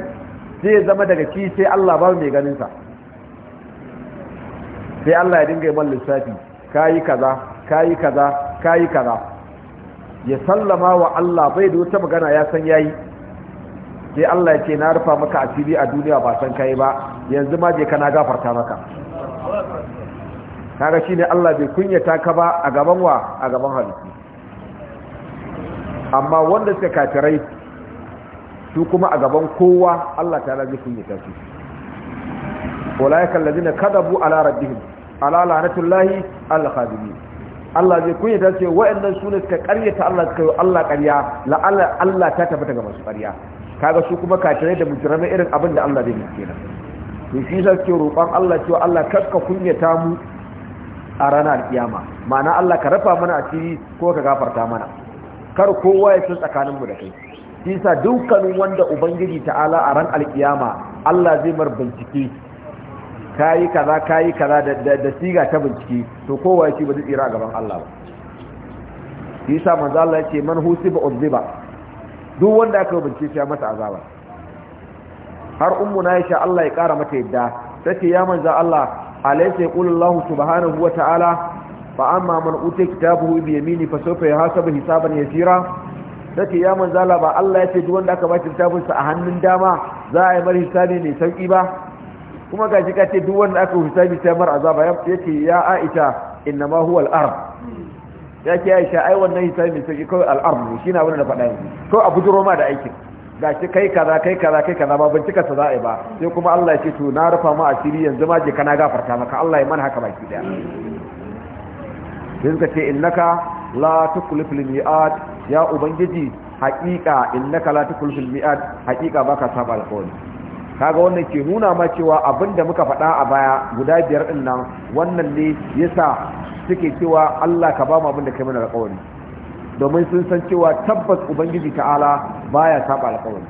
sai ya zama daga ci sai Allah ba mai ganin sai Allah ya dinga yi man lissafi kayi kaza kayi kaza kayi kaza ya sallama wa Allah bai da wata magana ya san yayi sai Allah ya ce na rufa maka asiri a duniya ba san kai ba yanzu ma je kana gafarta maka kaga shine Allah bai kunyata ka ba a gaban wa a gaban halittu amma wanda suka kafirai su kuma a gaban kowa Allah ta rage sun yi tafi ulaika na kadabu ala rabbihim ala lanatullahi al-khadibi Allah zai kunya ta ce wa'annan sune suka karyata Allah suka yi Allah karya la'alla Allah ta tafi daga masu karya kaga su kuma kafirai da mujrimai irin abin da Allah zai yi kenan to shi yasa ke roƙon Allah cewa Allah kaska kunyata mu a ranar kiyama ma'ana Allah ka rafa mana a ciki ko ka gafarta mana kar kowa ya tsun tsakaninmu da kai isa dukkanin wanda ubangiji ta'ala a ran alkiyama Allah zai mar bincike kayi kaza kayi kaza da siga ta bincike to kowa yake ba zai tsira gaban Allah ba shi manzo Allah yake man husiba uzziba duk wanda aka bincike ya masa azaba har ummu na Allah ya kara mata yadda tace ya manzo Allah alaysa yaqulu subhanahu wa ta'ala fa amma man utiya kitabahu bi yamini fa sawfa yahasabu hisaban yasira ta ce ya manzala ba Allah ya ce duk wanda aka ba shi littafinsa a hannun dama za a yi mar hisabi mai sauki ba kuma ga shi kace duk wanda aka hisabi sai mar azaba ya ce ya Aisha inna ma huwa al-ard ya ce Aisha ai wannan hisabi mai sauki kawai al-ard shi na abin da faɗa yanzu ko a bujuro ma da aikin ga shi kai kaza kai kaza kai kaza ba bincika sa za a yi ba sai kuma Allah ya ce to na rufa ma asiri yanzu ma je kana gafarta maka Allah ya mana haka baki daya sai suka ce innaka la fil mi'ad ya ubangiji haƙiƙa innaka la fil mi'ad haƙiƙa baka saba Ka kaga wannan ke nuna ma cewa abinda muka faɗa a baya guda biyar din nan wannan ne yasa suke cewa Allah ka ba mu abinda kai mana alqawli domin sun san cewa tabbas ubangiji ta'ala baya saba alqawli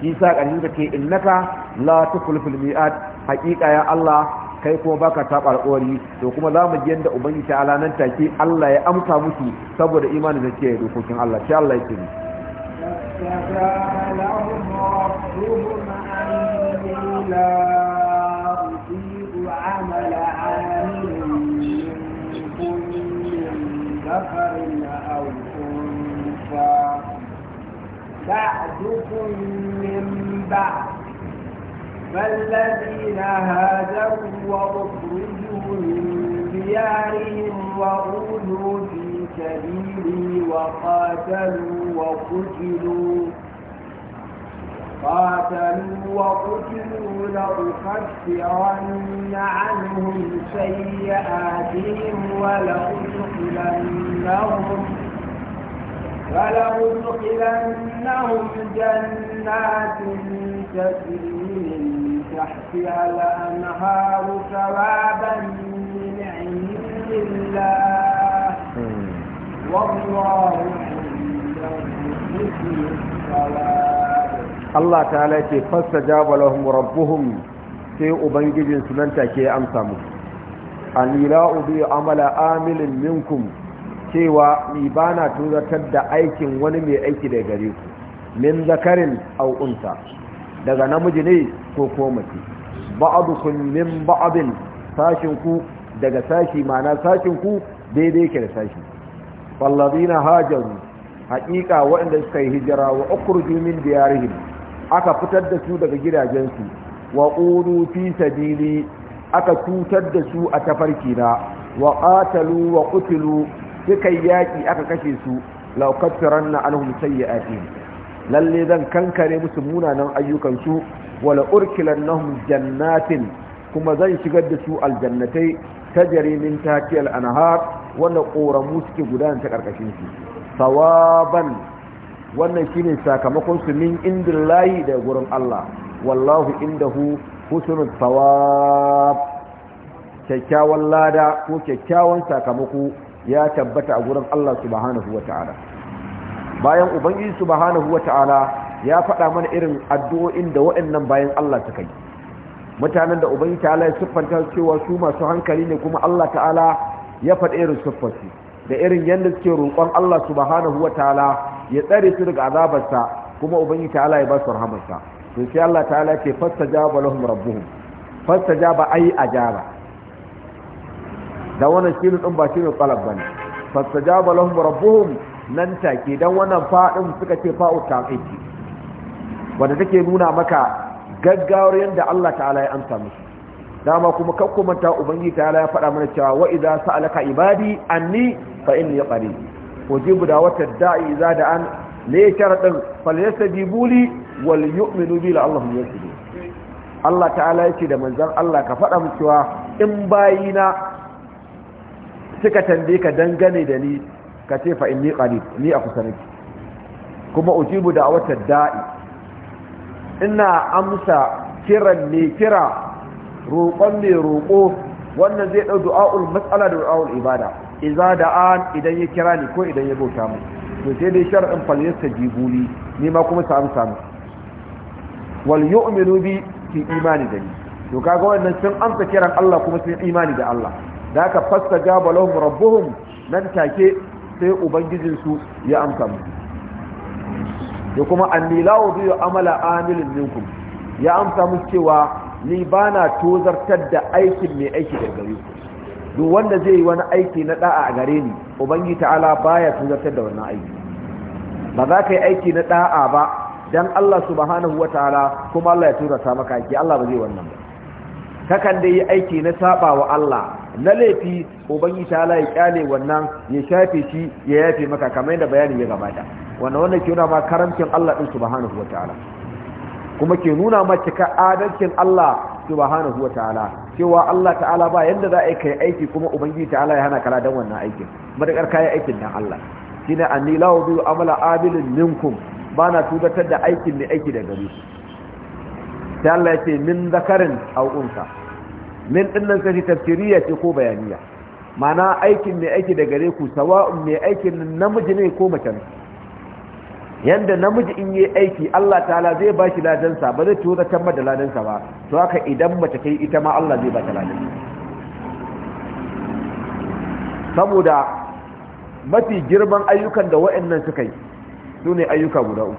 kisa sa da ke innaka la fil mi'ad haƙiƙa ya Allah kai kuma baka taɓa alƙawari to kuma za mu ji yadda ubangi ta ala nan take Allah ya amsa musu saboda imanin da ke dokokin Allah sai Allah ya ce بعدكم من بعد فالذين هاجروا وأخرجوا من ديارهم وأولوا في سبيلي وقاتلوا وقتلوا قاتلوا وقتلوا لأكفرن عنهم سيئاتهم ولأدخلنهم ولأدخلنهم جنات تجري من تحتها الأنهار ثوابا من عند الله والله Allah ta ce fasta lahum rabbuhum sai ubangijin su nan take amsa mu anila ubi amala amilin minkum cewa ni bana tuzatar da aikin wani mai aiki da gare ku min zakarin au unta daga namiji ne ko ko mace ba'dukum min ba'din sashin ku daga sashi ma'ana sashin ku daidai ke da sashi na hajaru haqiqa waɗanda suka yi hijira wa ukhruju min diyarihim aka fitar da su daga gidajensu wa qulu fi sabili aka cutar da su a tafarkina wa qatalu wa qutilu suka yaki aka kashe su law kaffaranna anhum sayyi'atihim lalle zan kankare musu munanan ayyukansu wala urkilannahum jannatin kuma zan shigar da su aljannatai ta min tahtiha al-anhar wanda koramu suke gudana ta karkashin su sawaban wannan shine sakamakon su min layi da gurin Allah wallahu indahu husnul sawab kyakkyawan lada ko kyakkyawan sakamako ya tabbata a gurin Allah subhanahu wata'ala bayan ubangiji subhanahu wata'ala ya faɗa mana irin addu'o'in da waɗannan bayan Allah suka yi mutanen da ubangiji ta'ala ya siffanta cewa su masu hankali ne kuma Allah ta'ala ya faɗa irin siffarsu da irin yadda suke roƙon Allah subhanahu wata'ala ya tsare su daga azabarsa kuma ubangiji ta'ala ya ba su rahamarsa to sai Allah ta'ala ce fastajaba lahum rabbuhum fastajaba ai ajaba da wannan shi ne din ba shi ne talab bane fastajaba lahum rabbuhum nan take don wannan faɗin suka ce fa'u taƙaiki wadda take nuna maka gaggawar yadda Allah ta'ala ya amsa musu dama kuma kakkumanta ubangi ta'ala ya faɗa mana cewa wa idza sa'alaka ibadi anni fa inni qarib ujibu da da'i idza da an ne sharadin falyastajibu li wal yu'minu bi Allah yahtadun Allah ta'ala yace da manzon Allah ka faɗa musu cewa in bayina suka tambaye ka dangane da ni ka ce fa inni qarib ni a kusa nake kuma ujibu da'wata da'i ina amsa kiran ne kira roƙon ne roƙo wannan zai ɗau du'a'ul matsala da du'a'ul ibada idza da'an idan ya kira ni ko idan ya bauta mu to sai dai shar'in falyasta jibuli ni ma kuma samu samu wal yu'minu bi fi imani da ni to kaga wannan sun amsa kiran Allah kuma sun imani da Allah da aka fasta gaba lahum rabbuhum nan take sai ubangijinsu ya amsa musu da kuma annilawo biyu amala amilin ninku ya amsa musu cewa ni ba na tozartar da aikin mai aiki da gare ku duk wanda zai yi wani aiki na da'a a gare ni ubangi ta'ala baya tozartar da wannan aiki ba za ka yi aiki na da'a ba dan Allah subhanahu wa ta'ala kuma Allah ya tozarta maka aiki Allah ba zai wannan ba kakan da yi aiki na saba wa Allah na laifi ubangi ta ya kyale wannan ya shafe shi ya yafe maka kamar yadda bayani ya gabata wannan wannan ke nuna ma karamcin Allah din subhanahu wataala kuma ke nuna ma cika adalcin Allah subhanahu wataala cewa Allah ta'ala ba yanda za a kai aiki kuma ubangiji ta'ala ya hana kala dan wannan aikin madakar kayan aikin dan Allah shine anni la wudu amala abilin minkum bana tubatar da aikin mai aiki da gari Ta sai Allah ya ce min zakarin aw unsa min dinnan sai tafsiriya ce ko bayaniya ma'ana aikin mai aiki da gare ku sawa'un mai aikin namiji ne ko mace ne yanda namiji in yi aiki Allah ta'ala zai ba shi ladansa ba zai tura tamma da ladansa ba to haka idan mace kai ita ma Allah zai ba ta ladan. saboda mafi girman ayyukan da wa'annan suka yi su ne ayyuka guda uku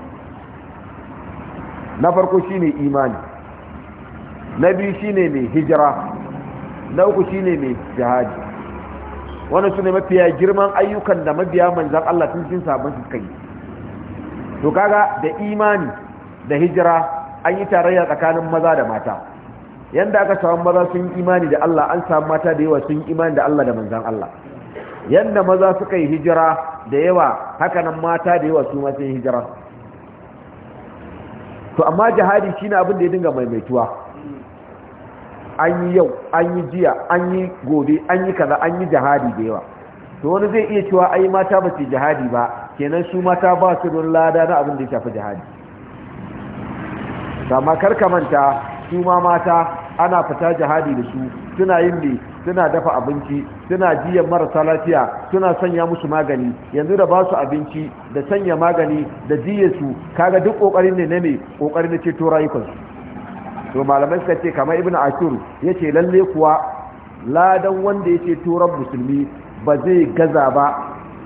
na farko shine imani na biyu shi ne mai hijira na uku shi ne mai jihadi Wani su ne mafiya girman ayyukan da mabiya manzan Allah sun cin su kai to kaga da imani da hijira an yi tarayya tsakanin maza da mata yanda aka samu maza sun imani da Allah an samu mata da yawa sun imani da Allah da manzan Allah yanda maza suka yi hijira da yawa hakanan mata da yawa su masu sun hijira to amma jihadi shi abin da ya dinga maimaituwa an yi yau an yi jiya an yi gobe an yi kaza an yi jihadi da yawa to wani zai iya cewa ai mata ba su jihadi ba kenan su mata ba su don lada na abin da ya shafi jihadi amma kar ka manta su ma mata ana fita jihadi da su suna yin ne suna dafa abinci suna jiyan marasa lafiya suna sanya musu magani yanzu da ba su abinci da sanya magani da jiyyarsu, su kaga duk kokarin ne ne kokarin ceto rayukansu to malamai suka ce kamar ibn ashur yace lalle kuwa ladan wanda yake turan musulmi ba zai gaza ba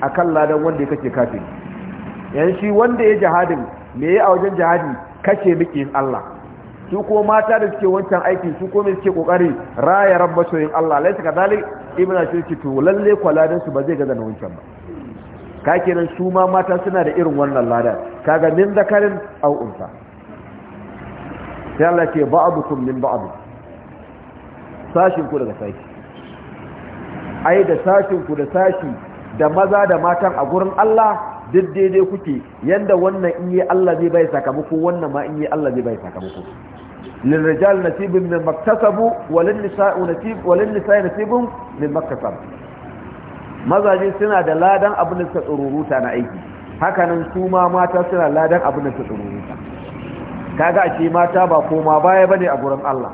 akan ladan wanda yake kafin yan shi wanda ya jihadin me ya a wajen jihadin kace mikin Allah su ko mata da suke wancan aiki su ko suke kokari raya rabba soyin Allah laisa kadali ibn ashur ce to lalle kuwa ladan su ba zai gaza na wancan ba ka nan su ma mata suna da irin wannan ladan kaga min zakarin au unsa sai Allah ce ba'dukum min ba'd sashin ku daga sashi ai da sashin ku da sashi da maza da matan a gurin Allah duk daidai kuke yanda wannan in yi Allah zai bai sakamako wannan ma in yi Allah zai bai sakamako lil rijal nasibun min maktasabu walil nisa'u nasib walil nisa'i nasibun min maktasab mazaje suna da ladan abin da suka tsururuta na aiki hakanan su ma mata suna ladan abin da suka tsururuta kaga a ce mata ba koma baya bane a gurin Allah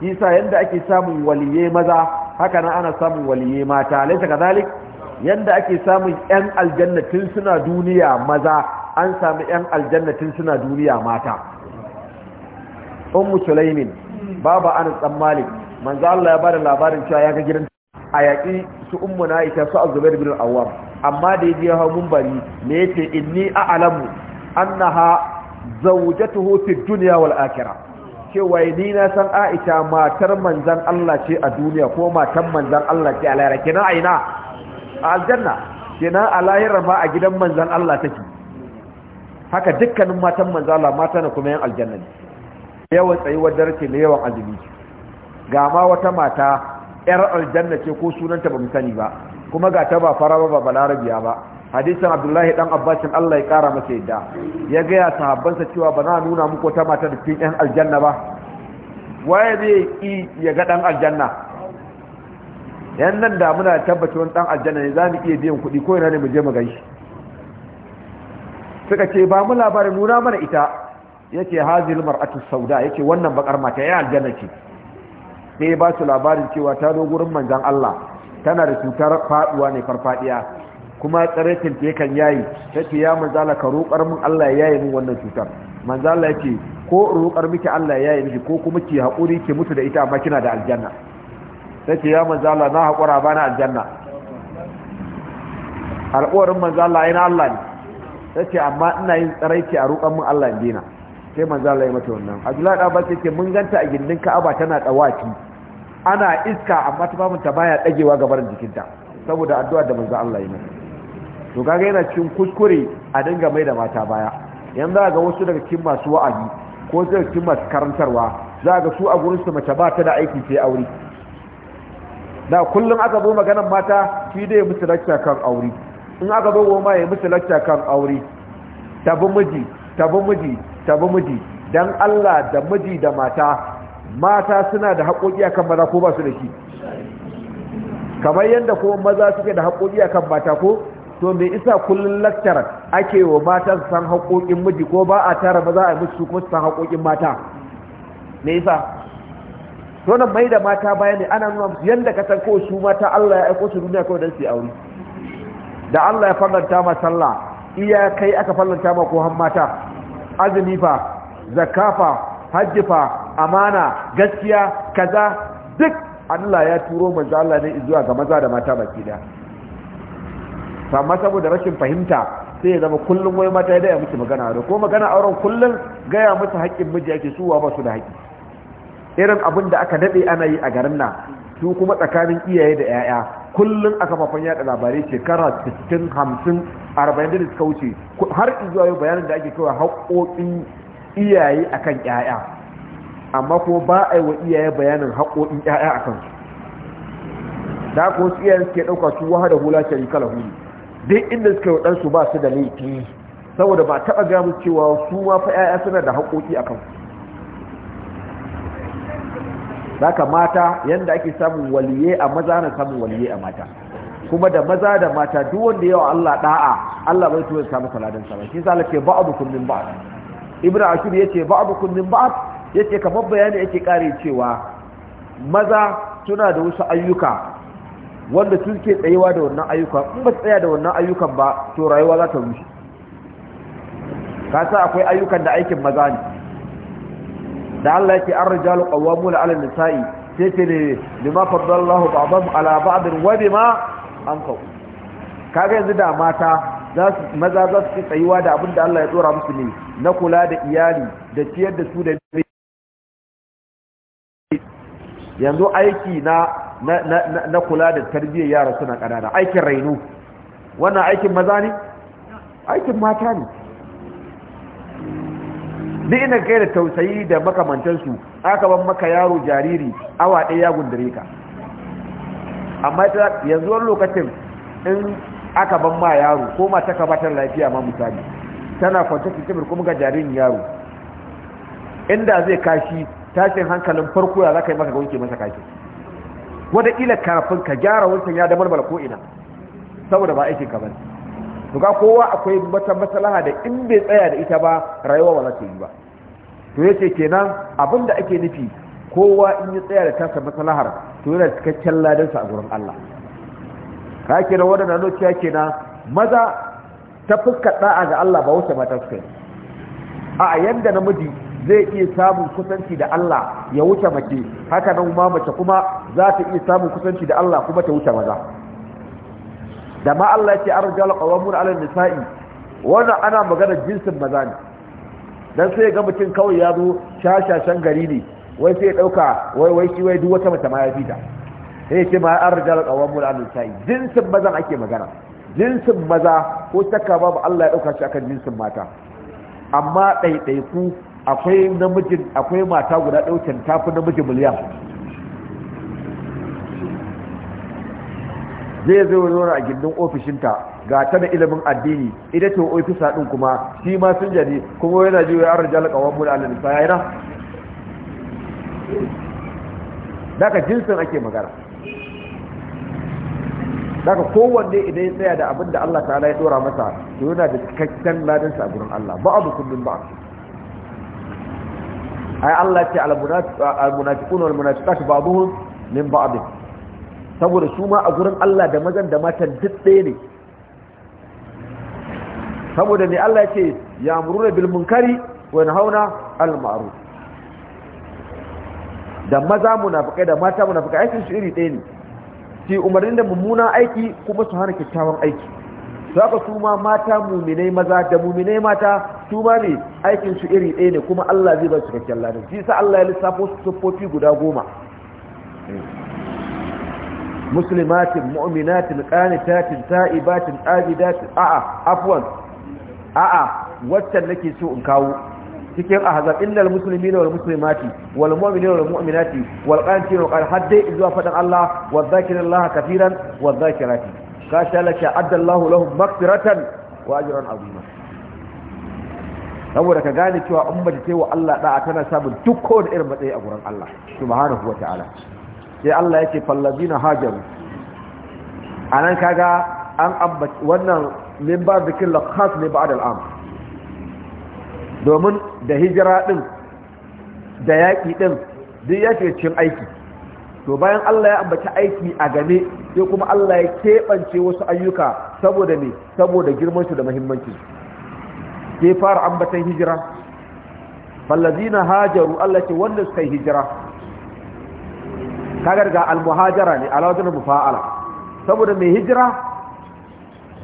isa yanda ake samun waliye maza haka nan ana samun waliye mata laisa kadhalik yanda ake samun yan aljannatin suna duniya maza an samu yan aljannatin suna duniya mata ummu sulaimin baba anas dan malik manzo Allah ya bada labarin cewa ya ga gidan a yaƙi su ummu na ita su azubair bin al-awwam amma da ya hawo munbari me yace inni a'lamu annaha zaujatuhu fi dunya wal akhirah cewa ni na san Aisha matar manzon Allah ce a duniya ko matar manzon Allah ce a lahira kina aina a aljanna kina a lahira ma a gidan manzon Allah take haka dukkanin matan manzon Allah mata ne kuma yan aljanna ne yawan tsayuwar dare ce da yawan azumi ga ma wata mata yar aljanna ce ko sunanta ba mutani sani ba kuma ga ta ba fara ba ba balarabiya ba hadisin abdullahi dan abbasin allah ya kara masa yadda ya gaya sahabbansa cewa ba na nuna muku wata mata da cikin yan aljanna ba waye zai yi ya ga dan aljanna yan nan da muna tabbaci wani dan aljanna ne za mu iya biyan kuɗi ko yana ne mu je mu gan shi suka ce ba mu labarin nuna mana ita yake hazil mar'atu sauda yake wannan bakar mata ya aljanna ce sai ba su labarin cewa ta zo gurin Allah tana da cutar faduwa ne farfadiya kuma tsaretin ta yakan yayi ce ya manzala ka roƙar mun Allah ya yayi min wannan cutar manzala yake ko roƙar miki Allah ya yayi miki ko kuma ki haƙuri ki mutu da ita amma kina da aljanna ce ya manzala na haƙura ba na aljanna alƙawarin manzala ai na Allah ne ce amma ina yin tsaraiti a roƙar mun Allah dina sai manzala ya mata wannan Abdullahi da Abbas ce mun ganta a gindin Ka'aba tana dawaki ana iska amma tufafinta baya dagewa gabar jikinta saboda addu'a da manzo Allah ya mata to kaga yana cikin kuskure a dinga mai da mata baya yanzu za ga wasu daga cikin masu wa'azi ko daga cikin masu karantarwa za ga su a gurin su mace ba ta da aiki sai aure da kullum aka zo maganar mata shi da ya musu lakta kan aure in aka zo goma ya musu lakta kan aure tabi miji tabi miji tabi miji dan Allah da miji da mata mata suna da haƙoƙi akan maza ko ba su da shi kamar yadda kuma maza suke da haƙoƙi akan mata ko to me isa kullum lakcar ake wa mata su san haƙoƙin miji ko ba a tara ba za a yi musu kuma san haƙoƙin mata me isa to nan mai da mata baya ne ana nuna musu yadda ka san ko su mata Allah ya aiko su duniya kawai don su yi aure da Allah ya fallanta ma sallah iya kai aka fallanta ma ko han mata azumi fa zakafa hajji fa amana gaskiya kaza duk Allah ya turo manzo Allah ne zuwa ga maza da mata baki daya amma saboda rashin fahimta sai ya zama kullum wai mata da ya musu magana da ko magana auren kullum gaya musu haƙƙin miji ake suwa ba su da haƙƙi irin abin da aka daɗe ana yi a garin nan su kuma tsakanin iyaye da 'ya'ya kullum a kafafen yada labarai shekara 60 50 40 da suka wuce har zuwa yau bayanin da ake kawai haƙoƙin iyaye akan 'ya'ya amma ko ba a yi wa iyaye bayanin haƙoƙin 'ya'ya akan su da aka wasu iyayen suke ɗauka su wahada hula sharika kala huli duk inda suka waɗansu ba su da laifi saboda ba taɓa gamu cewa su ma fa 'ya'ya suna da haƙoƙi a kansu ka mata yadda ake samun waliye a maza na samun waliye a mata kuma da maza da mata duk wanda yawa Allah ɗa'a, Allah bai so ya samu saladan sa shi yasa ba ba'dukum min ba'd ibnu ashur yace ba'dukum min ba'd yace kamar bayani yake kare cewa maza suna da wasu ayyuka wanda suke tsayewa da wannan ayyuka in ba tsaya da wannan ayyukan ba to rayuwa za ta rushe ka sa akwai ayyukan da aikin maza ne da Allah yake an rijalu qawwamuna 'ala nisa'i sai ce ne bima faddallahu ba'dahu 'ala ba'd wa bima Ka kaga yanzu da mata za su maza za su tsayuwa da abin da Allah ya tsora musu ne na kula da iyali da ciyar da su da yanzu aiki na na kula da tarbiyyar yara suna ƙanana aikin rainu wannan aikin maza ne aikin mata ne duk ina kai da tausayi da makamantansu aka ban maka yaro jariri awa ɗaya ya gundare ka amma yanzu wani lokacin in aka ban ma yaro ko mata ka batar lafiya ma misali tana kwance cikin kuma ga jaririn yaro inda zai kashi tashin hankalin farko ya za ka yi maka wanke masa kashi wataƙila kafin ka gyara wancan ya damar ko ina saboda ba aikin kamar to ga kowa akwai wata matsalaha da in bai tsaya da ita ba rayuwa ba za ta yi ba to yace kenan abin da ake nufi kowa in ya tsaya da tasa matsalahar to yana cikakken ladansa a gurin Allah ka kenan waɗanda nociya kenan maza ta fuskar da'a ga Allah ba wuce mata su kai a yanda namiji zai iya samun kusanci da Allah ya wuce mace haka nan ma mace kuma za ta iya samun kusanci da Allah kuma ta wuce maza da ma Allah ce arjal qawamun ala nisa'i wannan ana magana jinsin maza ne dan sai ga mutum kawai ya zo shashashan gari ne wai sai ya dauka wai wai shi wai duk wata mace ma ya fita sai ya ce ma arjal qawamun ala nisa'i jinsin mazan ake magana jinsin maza ko takka babu Allah ya dauka shi akan jinsin mata amma ɗaiɗaiku akwai namijin akwai mata guda ɗaukin tafi namiji miliyan zai zai wani a gindin ofishinta ga ta da ilimin addini ita ce ofisa ɗin kuma shi ma sun jani kuma yana ji wa yaran jalaka wa mula na? nisa na daga jinsin ake magana daga kowanne idan ya tsaya da abin da Allah ta'ala ya dora masa to yana da cikakken ladansa a gurin Allah ba abu kullum ba ai Allah ce al-munafiquna wal munafiqatu ba'dhum min ba'd saboda su ma a gurin Allah da mazan da matan duk ɗaya ne saboda ne Allah ce ya muruna bil munkari wa hauna al ma'ruf da maza munafikai da mata munafikai aikin su iri ɗaya ne Sai umarnin da mummuna aiki kuma su hana kyakkyawan aiki saka su ma mata muminai maza da muminai mata su ma ne aikin su iri ɗaya ne kuma Allah zai ba su cikakken ladan shi sa Allah ya lissafo su siffofi guda goma muslimatin mu'minatin qanitatin ta'ibatin abidatin a'a afwan a'a waccan nake so in kawo cikin ahzab innal muslimina wal muslimati wal mu'minina wal mu'minati wal qanitina wal hadda zuwa fadan Allah wadh dhakirallaha kaseeran wadh dhakirati ka shalaka addallahu lahum maghfiratan wa ajran azima saboda ka gane cewa in mace ce wa Allah da'a tana samun duk kowane irin matsayi a wurin Allah subhanahu wa ta'ala sai Allah yake fallazina hajaru anan kaga an ambaci wannan min ba zikin lakhas ne ba'da al'am domin da hijira ɗin, da yaƙi ɗin, duk yake cin aiki to bayan Allah ya ambaci aiki a game sai kuma Allah ya keɓance wasu ayyuka saboda ne saboda girmansu da muhimmancin sai fara ambatan hijira fallazina hajaru Allah ce wanda suka yi hijira kagar ga almuhajara ne alawajin mufa'ala saboda mai hijira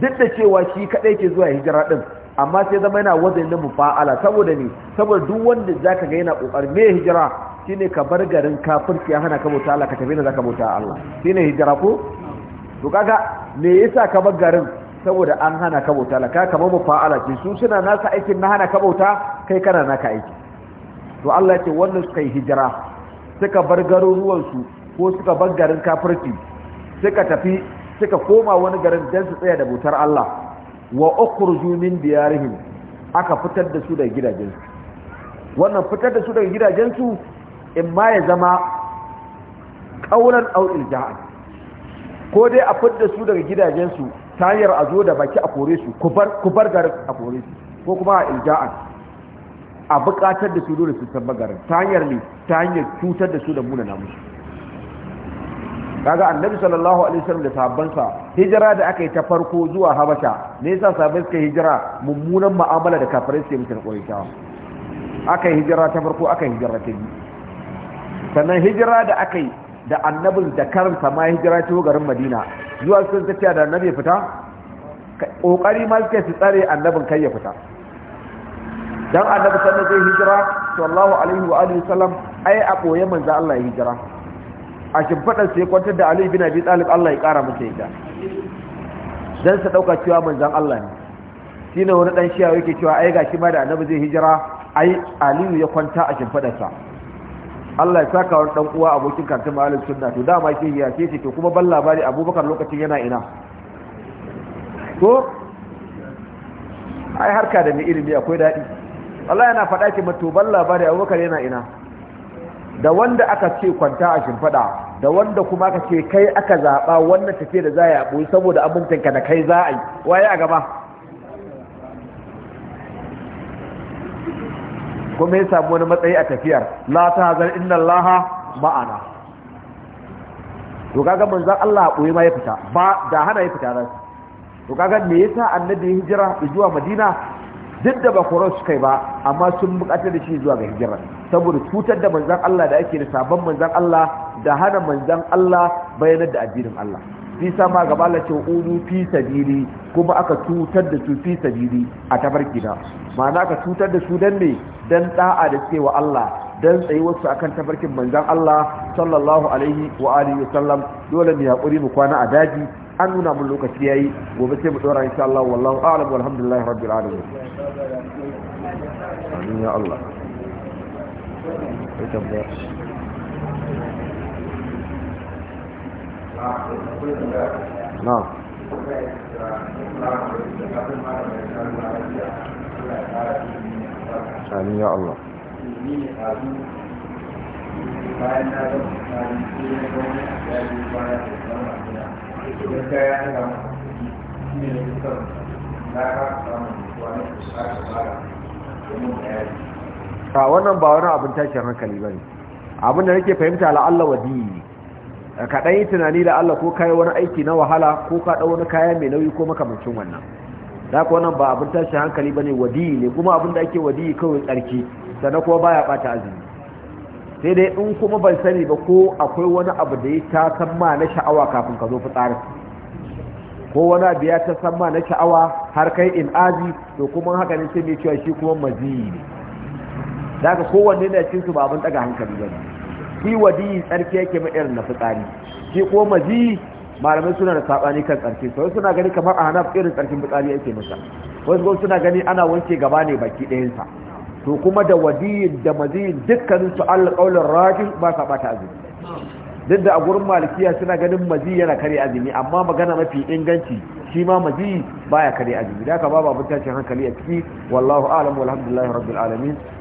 duk da cewa shi kadai ke zuwa hijira din, amma sai zama yana wajen na mufa'ala saboda ne saboda duk wanda zaka ga yana ƙoƙarin mai hijira shine ka bar garin kafirci ya hana ka bauta Allah ka tafi da zaka bauta Allah shine hijira ko to kaga me yasa ka bar garin saboda an hana ka bauta Allah ka kamar mu fa'ala ki su suna nasa aikin na hana ka bauta kai kana naka aiki to Allah ya ce wannan suka yi hijira suka bar ruwan su ko suka bar garin kafirci suka tafi suka koma wani garin dan su tsaya da bautar Allah wa ukhruju min diyarihim aka fitar da su daga gidajensu wannan fitar da su daga gidajensu in ma ya zama ƙaunar au'il jihar ko dai a fudda su daga gidajensu ta hanyar a zo da baki a kore su bar garin a kore su ko kuma a ilja'an a buƙatar da su dole su san garin ta hanyar ne ta hanyar cutar da su da muna namu kaga annabi sallallahu alaihi wasallam da sahabbansa hijira da aka yi ta farko zuwa habasha ne yasa sahabbai suka hijira mummunan mu'amala da kafirai suke musu da ta, aka yi hijira ta farko aka yi hijira ta biyu sannan hijira da aka yi da annabin da karanta ma hijira ciwo garin madina zuwa sun tafiya da annabi fita ƙoƙari ma suke su tsare annabin kai ya fita don annabi sannan zai hijira sallallahu alaihi wa alihi salam ai a ɓoye manzo Allah ya hijira a shimfiɗar sai kwantar da Ali bin Abi Talib Allah ya ƙara masa yadda dan sa ɗauka cewa manzon Allah ne ne wani ɗan shiya yake cewa ai shi ma da annabi zai hijira ai Aliyu ya kwanta a shimfiɗar Allah ya saka wani dan uwa abokin kantin malam sunna to dama ke ya ce to kuma ban labari Abubakar lokacin yana ina to ai harka da mai ilimi akwai dadi Allah yana faɗa ki to ban labari Abubakar yana ina da wanda aka ce kwanta a shimfada da wanda kuma aka ce kai aka zaba wannan tafiya da za ya saboda abincinka da kai za a yi waye a gaba kuma ya samu wani matsayi a tafiyar la ta hazar inna laha ma'ana to kaga manzon Allah koyi ma ya fita ba da hana ya fita ran to kaga me yasa annabi hijira zuwa madina duk da ba koran su kai ba amma sun bukatar da shi zuwa ga hijira saboda cutar da manzon Allah da ake da sabon manzon Allah da hana manzon Allah bayanar da addinin Allah fi sama gaba Allah ce ulu fi sabili kuma aka cutar da su fi sabili a tabarkina ma'ana aka cutar da su dan ne dan da'a da wa Allah dan wasu akan tabarkin manzon Allah sallallahu alaihi wa alihi wasallam dole ne hakuri mu kwana a daji an nuna mun lokaci yayi gobe sai mu dora insha Allah wallahu a'lam walhamdulillahi rabbil alamin amin ya Allah Amin ya Allah. a ka wannan ba wani abin tashin hankali ba ne abin da nake fahimta la'alla wadi ka yi tunani da Allah ko kayi wani aiki na wahala ko ka wani kaya mai nauyi ko makamancin wannan da ka wannan ba abin tashi hankali bane wadiyi ne kuma abin da ake wadiyi kawai tsarki sannan kuma baya ɓata azumi sai dai in kuma ban sani ba ko akwai wani abu da ya ta san ma na sha'awa kafin ka zo fitsari ko wani abu ya ta san ma na sha'awa har kai in azi to kuma haka ne sai mai cewa shi kuma maziyi ne da ka kowanne na su ba abin ɗaga hankali ba ne shi wadi tsarki yake mai irin na fitsari shi ko mazi malamai suna da sabani kan tsarki so suna gani kamar a hanaf irin tsarkin fitsari yake masa wasu kuma suna gani ana wanke gaba ne baki ɗayansa to kuma da wadiyi da maji dukkanin su Allah kaulin raji ba sa bata azumi duk da a gurin malikiya suna ganin mazi yana kare azumi amma magana mafi inganci shi ma mazi baya kare azumi da ka babu tashin hankali a ciki wallahu a'lam walhamdulillahi rabbil alamin